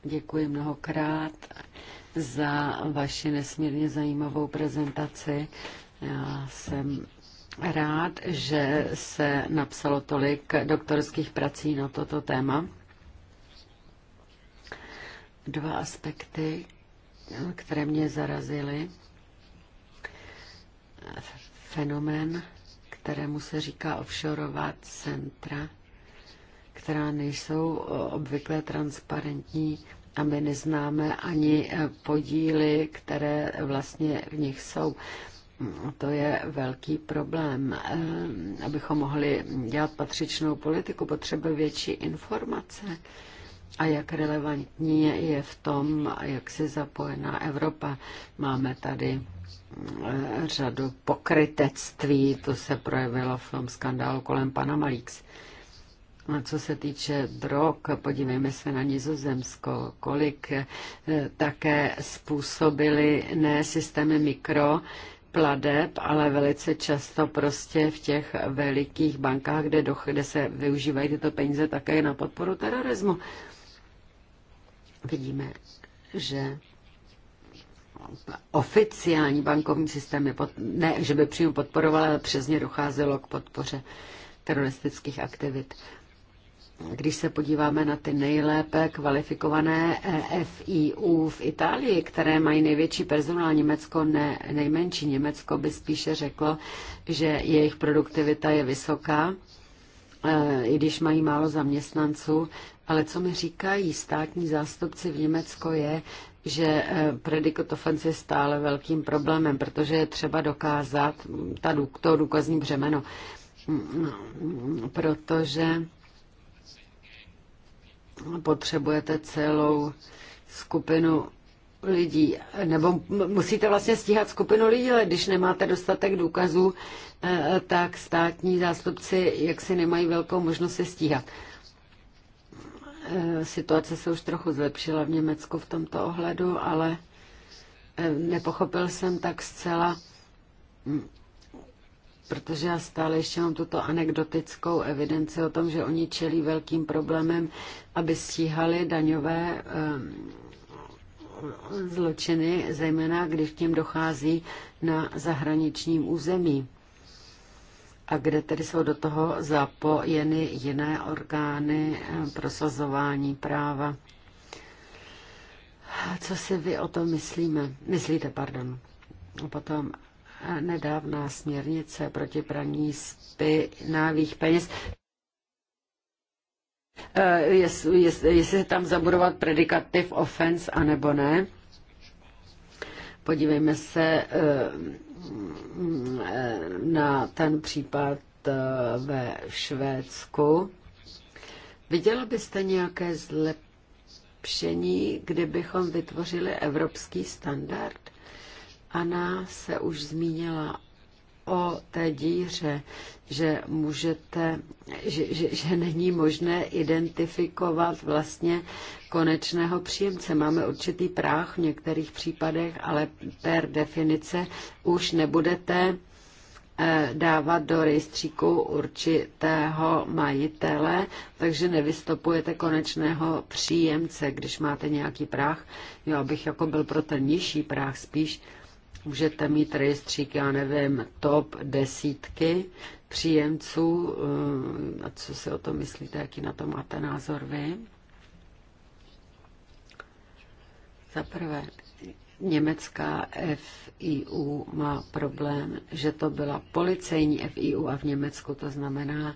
Děkuji mnohokrát za vaši nesmírně zajímavou prezentaci. Já jsem rád, že se napsalo tolik doktorských prací na toto téma. Dva aspekty, které mě zarazily. Fenomén, kterému se říká offshoreová centra, která nejsou eh, obvykle transparentní a my neznáme ani eh, podíly, které vlastně v nich jsou. Mm, to je velký problém. Eh, abychom mohli dělat patřičnou politiku, potřebuje větší informace a jak relevantní je v tom, jak se zapojená Evropa. Máme tady eh, řadu pokrytectví, to se projevilo v tom skandálu kolem pana Malíks. A co se týče drog, podívejme se na Nizozemsko, kolik eh, také způsobili ne systémy mikro, pladeb, ale velice často prostě v těch velikých bankách, kde, doch, kde se využívají tyto peníze také na podporu terorismu vidíme, že oficiální bankovní systém je pod, ne, že by přímo podporoval, ale přesně docházelo k podpoře teroristických aktivit. Když se podíváme na ty nejlépe kvalifikované e FIU v Itálii, které mají největší personál, Německo ne, nejmenší, Německo by spíše řeklo, že jejich produktivita je vysoká, e, i když mají málo zaměstnanců, ale co mi říkají státní zástupci v Německu je, že eh, predikotofens je stále velkým problémem, protože je třeba dokázat mm, ta, to důkazní břemeno. Mm, mm, protože potřebujete celou skupinu lidí, nebo musíte vlastně stíhat skupinu lidí, ale když nemáte dostatek důkazů, eh, tak státní zástupci jaksi nemají velkou možnost se stíhat. Eh, situace se už trochu zlepšila v Německu v tomto ohledu, ale eh, nepochopil jsem tak zcela, hm, protože já stále ještě mám tuto anekdotickou evidenci o tom, že oni čelí velkým problémem, aby stíhali daňové ehm, zločiny, zejména když k něm dochází na zahraničním území a kde tedy jsou do toho zapojeny jiné orgány eh, prosazování práva. Co si vy o tom myslíme? Myslíte, pardon. A potom eh, nedávná směrnice proti praní špinavých peněz. Eh, Jest, jestli se tam zabudovat predikativ offense, anebo ne. Podívejme se, na ten případ eh, ve Švédsku. Viděla byste nějaké zlepšení, kdybychom vytvořili evropský standard? Anna se už zmínila o té díře, že můžete, že, že, že není možné identifikovat vlastně konečného příjemce. Máme určitý práh v některých případech, ale per definice už nebudete eh, dávat do rejstříku určitého majitele, takže nevystopujete konečného příjemce, když máte nějaký práh. Já bych jako byl pro ten nižší práh spíš, můžete mít rejstřík, já nevím, top desítky příjemců. Eh, a co si o tom myslíte, jaký na to máte názor vy? Za prvé, německá FIU má problém, že to byla policejní FIU a v Německu to znamená,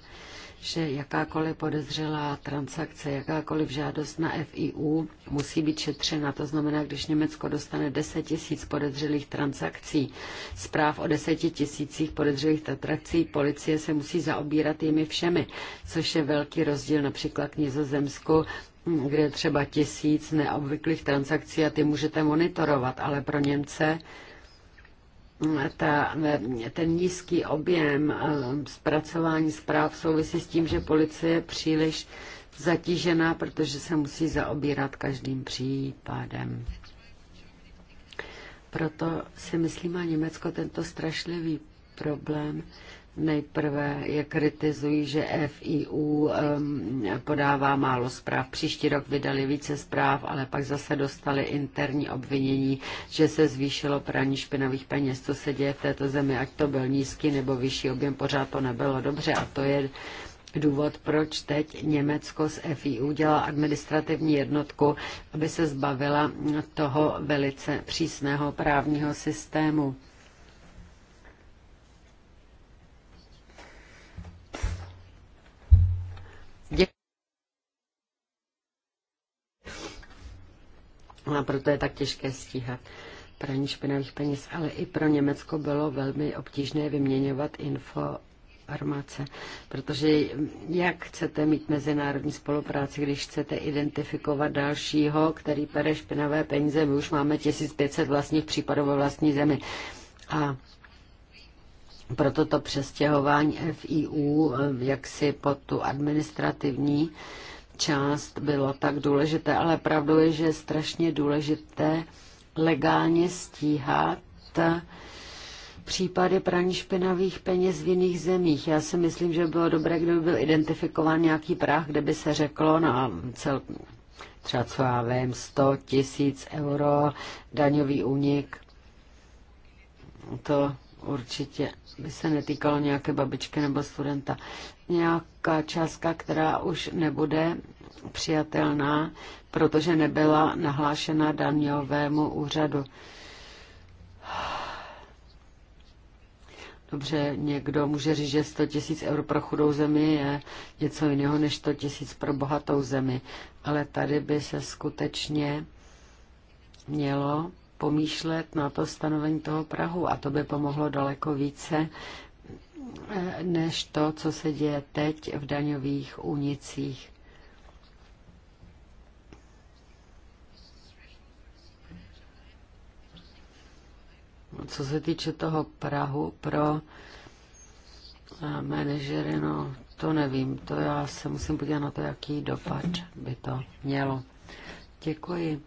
že jakákoliv podezřelá transakce, jakákoliv žádost na FIU musí být šetřena. To znamená, když Německo dostane 10 tisíc podezřelých transakcí, zpráv o 10 tisících podezřelých transakcí, policie se musí zaobírat jimi všemi, což je velký rozdíl například k Nizozemsku, kde je třeba tisíc neobvyklých transakcí a ty můžete monitorovat, ale pro Němce ta, ten nízký objem eh, zpracování zpráv souvisí s tím, že policie je příliš zatížená, protože se musí zaobírat každým případem. Proto si myslím, má Německo tento strašlivý problém, Nejprve je kritizují, že FIU um, podává málo zpráv. Příští rok vydali více zpráv, ale pak zase dostali interní obvinění, že se zvýšilo praní špinavých peněz. Co se děje v této zemi, ať to byl nízký nebo vyšší objem, pořád to nebylo dobře a to je důvod, proč teď Německo z FIU dělá administrativní jednotku, aby se zbavila toho velice přísného právního systému a proto je tak těžké stíhat praní špinavých peněz, ale i pro Německo bylo velmi obtížné vyměňovat info armace, protože jak chcete mít mezinárodní spolupráci, když chcete identifikovat dalšího, který pere špinavé peníze, my už máme 1500 vlastních případů ve vlastní zemi. A proto to přestěhování FIU eh, jaksi pod tu administrativní část bylo tak důležité, ale pravdou je, že je strašně důležité legálně stíhat případy praní špinavých peněz v jiných zemích. Já si myslím, že by bylo dobré, kdyby byl identifikován nějaký práh, kde by se řeklo na no, cel, třeba co já vím, 100 tisíc euro daňový únik. To určitě by se netýkalo nějaké babičky nebo studenta. Nějaká částka, která už nebude přijatelná, protože nebyla nahlášena daňovému úřadu. Dobře, někdo může říct, že 100 tisíc eur pro chudou zemi je něco jiného než 100 tisíc pro bohatou zemi, ale tady by se skutečně mělo pomýšlet na to stanovení toho Prahu a to by pomohlo daleko více eh, než to, co se děje teď v daňových únicích. Co se týče toho Prahu pro eh, manažery, no to nevím, to já se musím podívat na to, jaký dopad by to mělo. Děkuji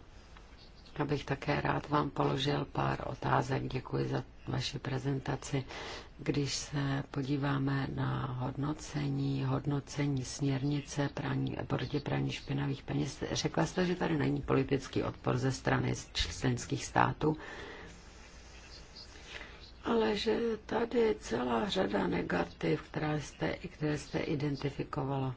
abych také rád vám položil pár otázek. Děkuji za vaši prezentaci. Když se podíváme na hodnocení, hodnocení směrnice praní, proti praní špinavých peněz, řekla jste, že tady není politický odpor ze strany členských států, ale že tady je celá řada negativ, která jste, které jste identifikovala.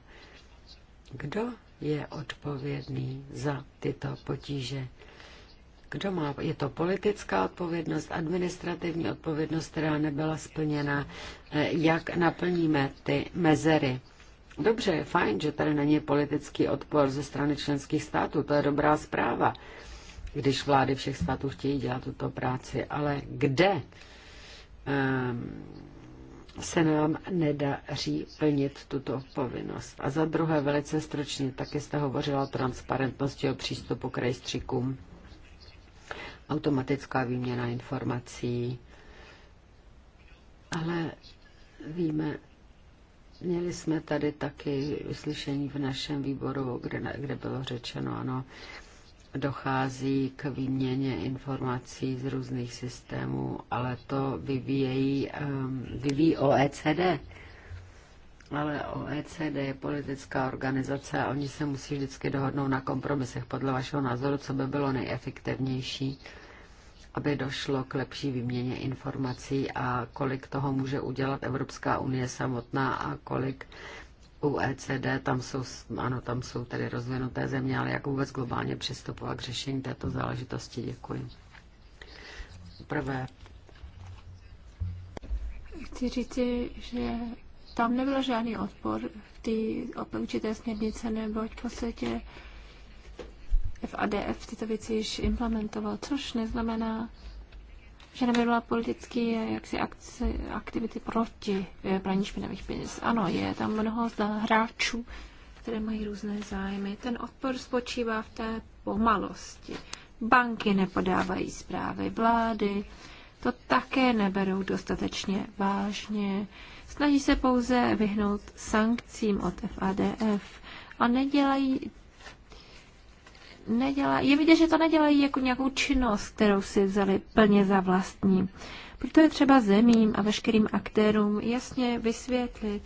Kdo je odpovědný za tyto potíže? Kdo má? Je to politická odpovědnost, administrativní odpovědnost, která nebyla splněna. Eh, jak naplníme ty mezery? Dobře, je fajn, že tady není politický odpor ze strany členských států, to je dobrá zpráva, když vlády všech států chtějí dělat tuto práci, ale kde um, se nám nedaří plnit tuto povinnost? A za druhé, velice stručně, taky jste hovořila o transparentnosti, o přístupu k rejstříkům automatická výměna informací, ale víme, Měli jsme tady taky slyšení v našem výboru, kde, kde bylo řečeno, ano, dochází k výměně informací z různých systémů, ale to vyvíjejí, ehm, vyvíjí OECD ale OECD je politická organizace a oni se musí vždycky dohodnout na kompromisech podle vašeho názoru, co by bylo nejefektivnější, aby došlo k lepší výměně informací a kolik toho může udělat Evropská unie samotná a kolik OECD, tam jsou, ano, tam jsou tedy rozvinuté země, ale jak vůbec globálně přistupovat k řešení této záležitosti? Děkuji. Prvé. Chci říci, že tam nebyl žádný odpor ty určité směrnice, neboť v podstatě FADF tyto věci již implementoval, což neznamená, že nebyla politický eh, jaksi akci, aktivity proti eh, praní špinavých peněz. Ano, je tam mnoho hráčů, které mají různé zájmy. Ten odpor spočívá v té pomalosti. Banky nepodávají zprávy vlády, to také neberou dostatečně vážně. Snaží se pouze vyhnout sankcím od FADF a nedělají nedělá, je vidět, že to nedělají jako nějakou činnost, kterou si vzali plně za vlastní. Proto je třeba zemím a veškerým aktérům jasně vysvětlit,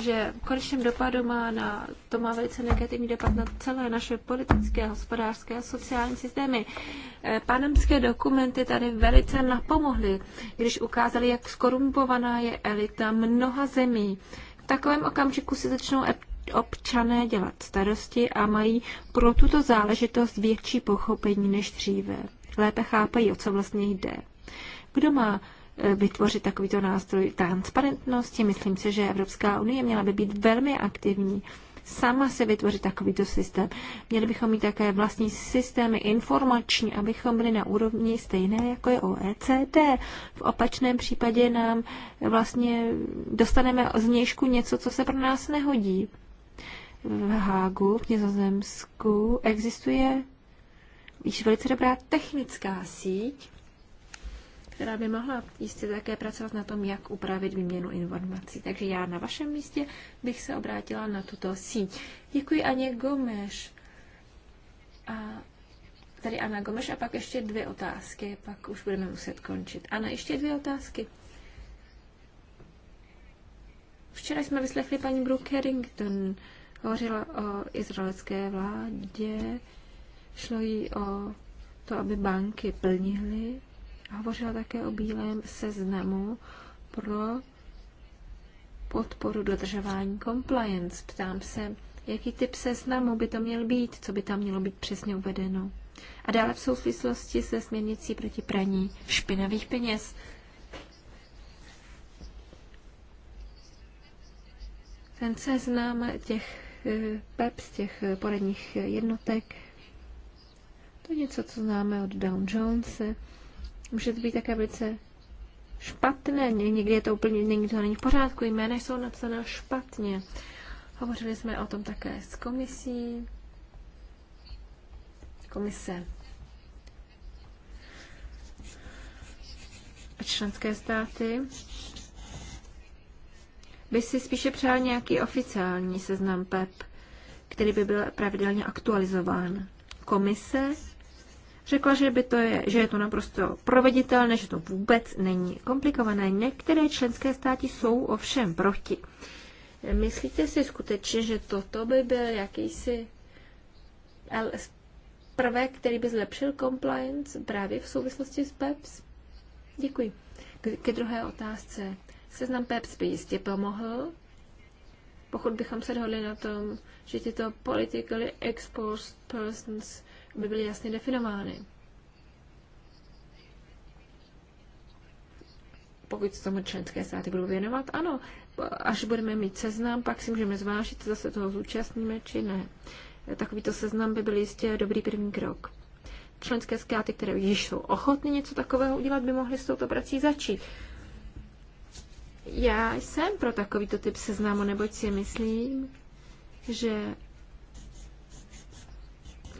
že v konečném dopadu má na, to má velice negativní dopad na celé naše politické, hospodářské a sociální systémy. Eh, panamské dokumenty tady velice napomohly, když ukázali, jak skorumpovaná je elita mnoha zemí. V takovém okamžiku si začnou občané dělat starosti a mají pro tuto záležitost větší pochopení než dříve. Lépe chápají, o co vlastně jde. Kdo má vytvořit takovýto nástroj transparentnosti. Myslím si, že Evropská unie měla by být velmi aktivní sama se vytvořit takovýto systém. Měli bychom mít také vlastní systémy informační, abychom byli na úrovni stejné, jako je OECD. V opačném případě nám vlastně dostaneme z nějšku něco, co se pro nás nehodí. V Hágu, v Nizozemsku, existuje již velice dobrá technická síť, která by mohla jistě také pracovat na tom, jak upravit výměnu informací. Takže já na vašem místě bych se obrátila na tuto síť. Děkuji Aně Gomeš. A tady Ana Gomeš a pak ještě dvě otázky, pak už budeme muset končit. Ana, ještě dvě otázky. Včera jsme vyslechli paní Brooke Harrington, hovořila o izraelské vládě, šlo jí o to, aby banky plnily hovořila také o bílém seznamu pro podporu dodržování compliance. Ptám se, jaký typ seznamu by to měl být, co by tam mělo být přesně uvedeno. A dále v souvislosti se směrnicí proti praní špinavých peněz. Ten seznam těch eh, PEPS, těch eh, poradních jednotek, to je něco, co známe od Down Jones, může to být také velice špatné, někdy je to úplně, někdy to není v pořádku, jména jsou napsaná špatně. Hovořili jsme o tom také s komisí. Komise. A členské státy by si spíše přál nějaký oficiální seznam PEP, který by byl pravidelně aktualizován. Komise řekla, že, by to je, že je to naprosto proveditelné, že to vůbec není komplikované. Některé členské státy jsou ovšem proti. Myslíte si skutečně, že toto by byl jakýsi prvek, který by zlepšil compliance právě v souvislosti s PEPS? Děkuji. Ke druhé otázce. Seznam PEPS by jistě pomohl, pokud bychom se dohodli na tom, že tyto politically exposed persons aby byly jasně definovány. Pokud se tomu členské státy budou věnovat, ano, až budeme mít seznam, pak si můžeme zvážit, zda se toho zúčastníme či ne. Takovýto seznam by byl jistě dobrý první krok. Členské státy, které již jsou ochotny něco takového udělat, by mohly s touto prací začít. Já jsem pro takovýto typ seznamu, neboť si myslím, že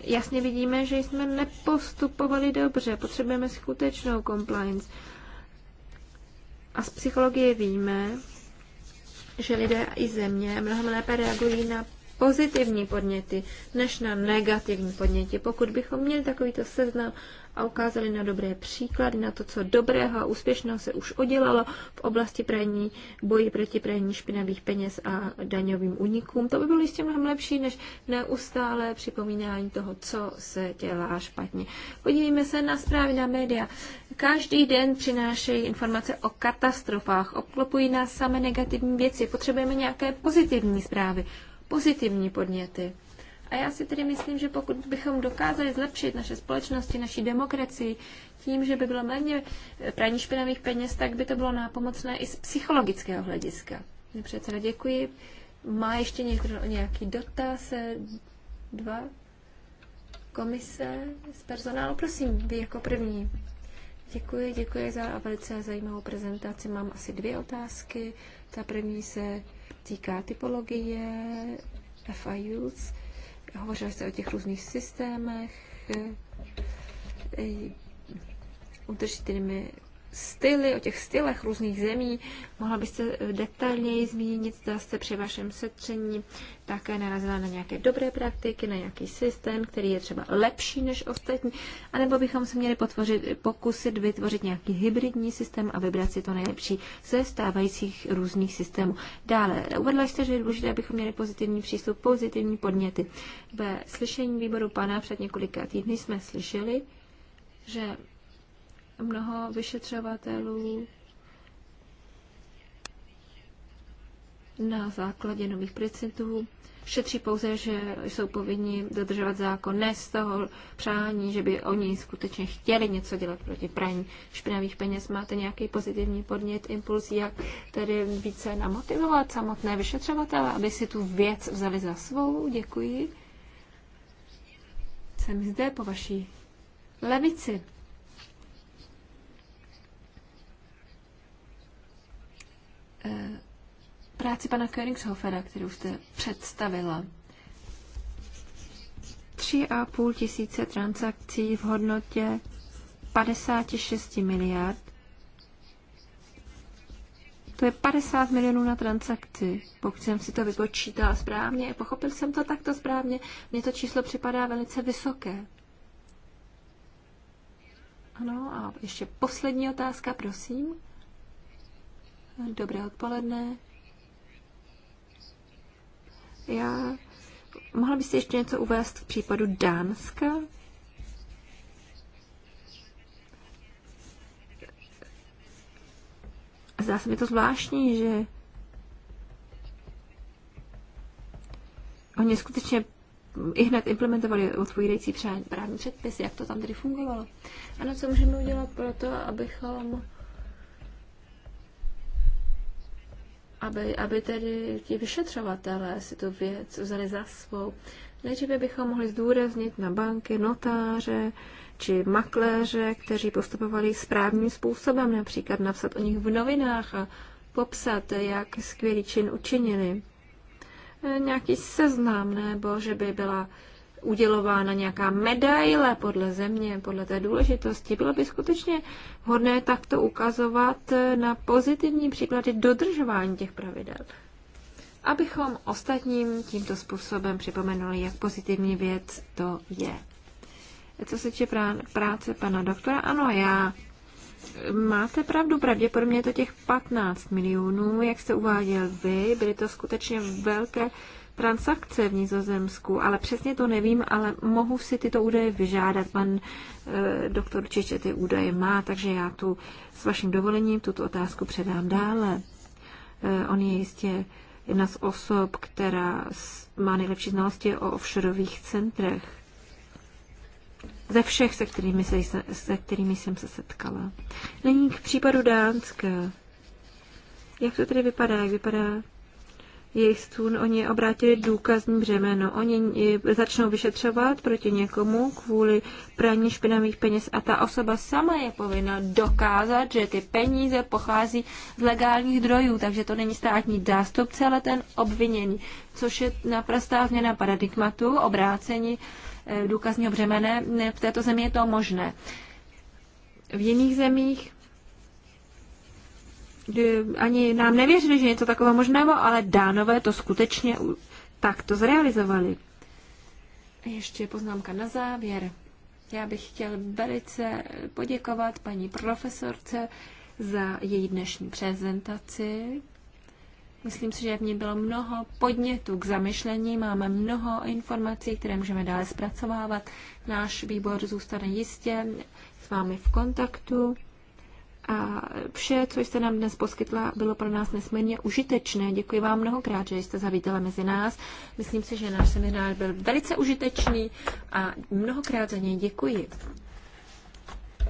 jasně vidíme, že jsme nepostupovali dobře. Potřebujeme skutečnou compliance. A z psychologie víme, že lidé i země mnohem lépe reagují na pozitivní podněty než na negativní podněty. Pokud bychom měli takovýto seznam a ukázali na dobré příklady, na to, co dobrého a úspěšného se už odělalo v oblasti praní, boji proti praní špinavých peněz a daňovým únikům, to by bylo jistě mnohem lepší než neustále připomínání toho, co se dělá špatně. Podívejme se na zprávy na média. Každý den přinášejí informace o katastrofách, obklopují nás samé negativní věci, potřebujeme nějaké pozitivní zprávy pozitivní podněty. A já si tedy myslím, že pokud bychom dokázali zlepšit naše společnosti, naší demokracii tím, že by bylo méně praní špinavých peněz, tak by to bylo nápomocné i z psychologického hlediska. předseda, děkuji. Má ještě někdo nějaký dotaz? Dva? Komise z personálu, prosím, vy jako první. Děkuji, děkuji za velice zajímavou prezentaci. Mám asi dvě otázky. Ta první se týká typologie, FIUs, hovořili jste o těch různých systémech, eh, udržitelnými styly, o těch stylech různých zemí. Mohla byste detailněji zmínit, zda jste při vašem setření také narazila na nějaké dobré praktiky, na nějaký systém, který je třeba lepší než ostatní, anebo bychom se měli potvořit, pokusit vytvořit nějaký hybridní systém a vybrat si to nejlepší ze stávajících různých systémů. Dále, uvedla jste, že je důležité, abychom měli pozitivní přístup, pozitivní podněty. Ve slyšení výboru pana před několika týdny jsme slyšeli, že mnoho vyšetřovatelů na základě nových principů šetří pouze, že jsou povinni dodržovat zákon, ne z toho přání, že by oni skutečně chtěli něco dělat proti praní špinavých peněz. Máte nějaký pozitivní podnět, impuls, jak tedy více namotivovat samotné vyšetřovatele, aby si tu věc vzali za svou? Děkuji. Jsem zde po vaší levici. Eh, práci pana Königshofera, kterou jste představila. Tři a půl tisíce transakcí v hodnotě 56 miliard. To je 50 milionů na transakci, pokud jsem si to vypočítala správně. Pochopil jsem to takto správně. Mně to číslo připadá velice vysoké. Ano, a ještě poslední otázka, prosím. Dobré odpoledne. Já... Mohla byste ještě něco uvést v případu Dánska? Zdá se mi to zvláštní, že oni skutečně i hned implementovali odpovídající právní předpisy, jak to tam tedy fungovalo. Ano, co můžeme udělat pro to, abychom aby, aby tedy ti vyšetřovatelé si tu věc vzali za svou. Nejdříve bychom mohli zdůraznit na banky, notáře či makléře, kteří postupovali správným způsobem, například napsat o nich v novinách a popsat, jak skvělý čin učinili. E, nějaký seznam, nebo že by byla udělována nějaká medaile podle země, podle té důležitosti. Bylo by skutečně hodné takto ukazovat na pozitivní příklady dodržování těch pravidel. Abychom ostatním tímto způsobem připomenuli, jak pozitivní věc to je. Co se týče práce pana doktora, ano, já Máte pravdu, pravděpodobně je to těch 15 milionů, jak jste uváděl vy, byly to skutečně velké transakce v Nizozemsku, ale přesně to nevím, ale mohu si tyto údaje vyžádat. Pan e, doktor Čeče ty údaje má, takže já tu s vaším dovolením tuto otázku předám dále. E, on je jistě jedna z osob, která má nejlepší znalosti o offshoreových centrech. Ze všech, se kterými, se, se kterými jsem se setkala. Není k případu Dánska. Jak to tedy vypadá? Jak vypadá jejich stůn, oni obrátili důkazní břemeno. Oni eh, začnou vyšetřovat proti někomu kvůli praní špinavých peněz a ta osoba sama je povinna dokázat, že ty peníze pochází z legálních zdrojů, takže to není státní zástupce, ale ten obviněný, což je naprostá změna paradigmatu, obrácení eh, důkazního břemene. V této zemi je to možné. V jiných zemích ani nám nevěřili, že něco takového možného, ale dánové to skutečně takto zrealizovali. Ještě poznámka na závěr. Já bych chtěl velice poděkovat paní profesorce za její dnešní prezentaci. Myslím si, že v ní bylo mnoho podnětů k zamyšlení, máme mnoho informací, které můžeme dále zpracovávat. Náš výbor zůstane jistě s vámi v kontaktu. A vše, co jste nám dnes poskytla, bylo pro nás nesmírně užitečné. Děkuji vám mnohokrát, že jste zavítala mezi nás. Myslím si, že náš seminář byl velice užitečný a mnohokrát za něj děkuji.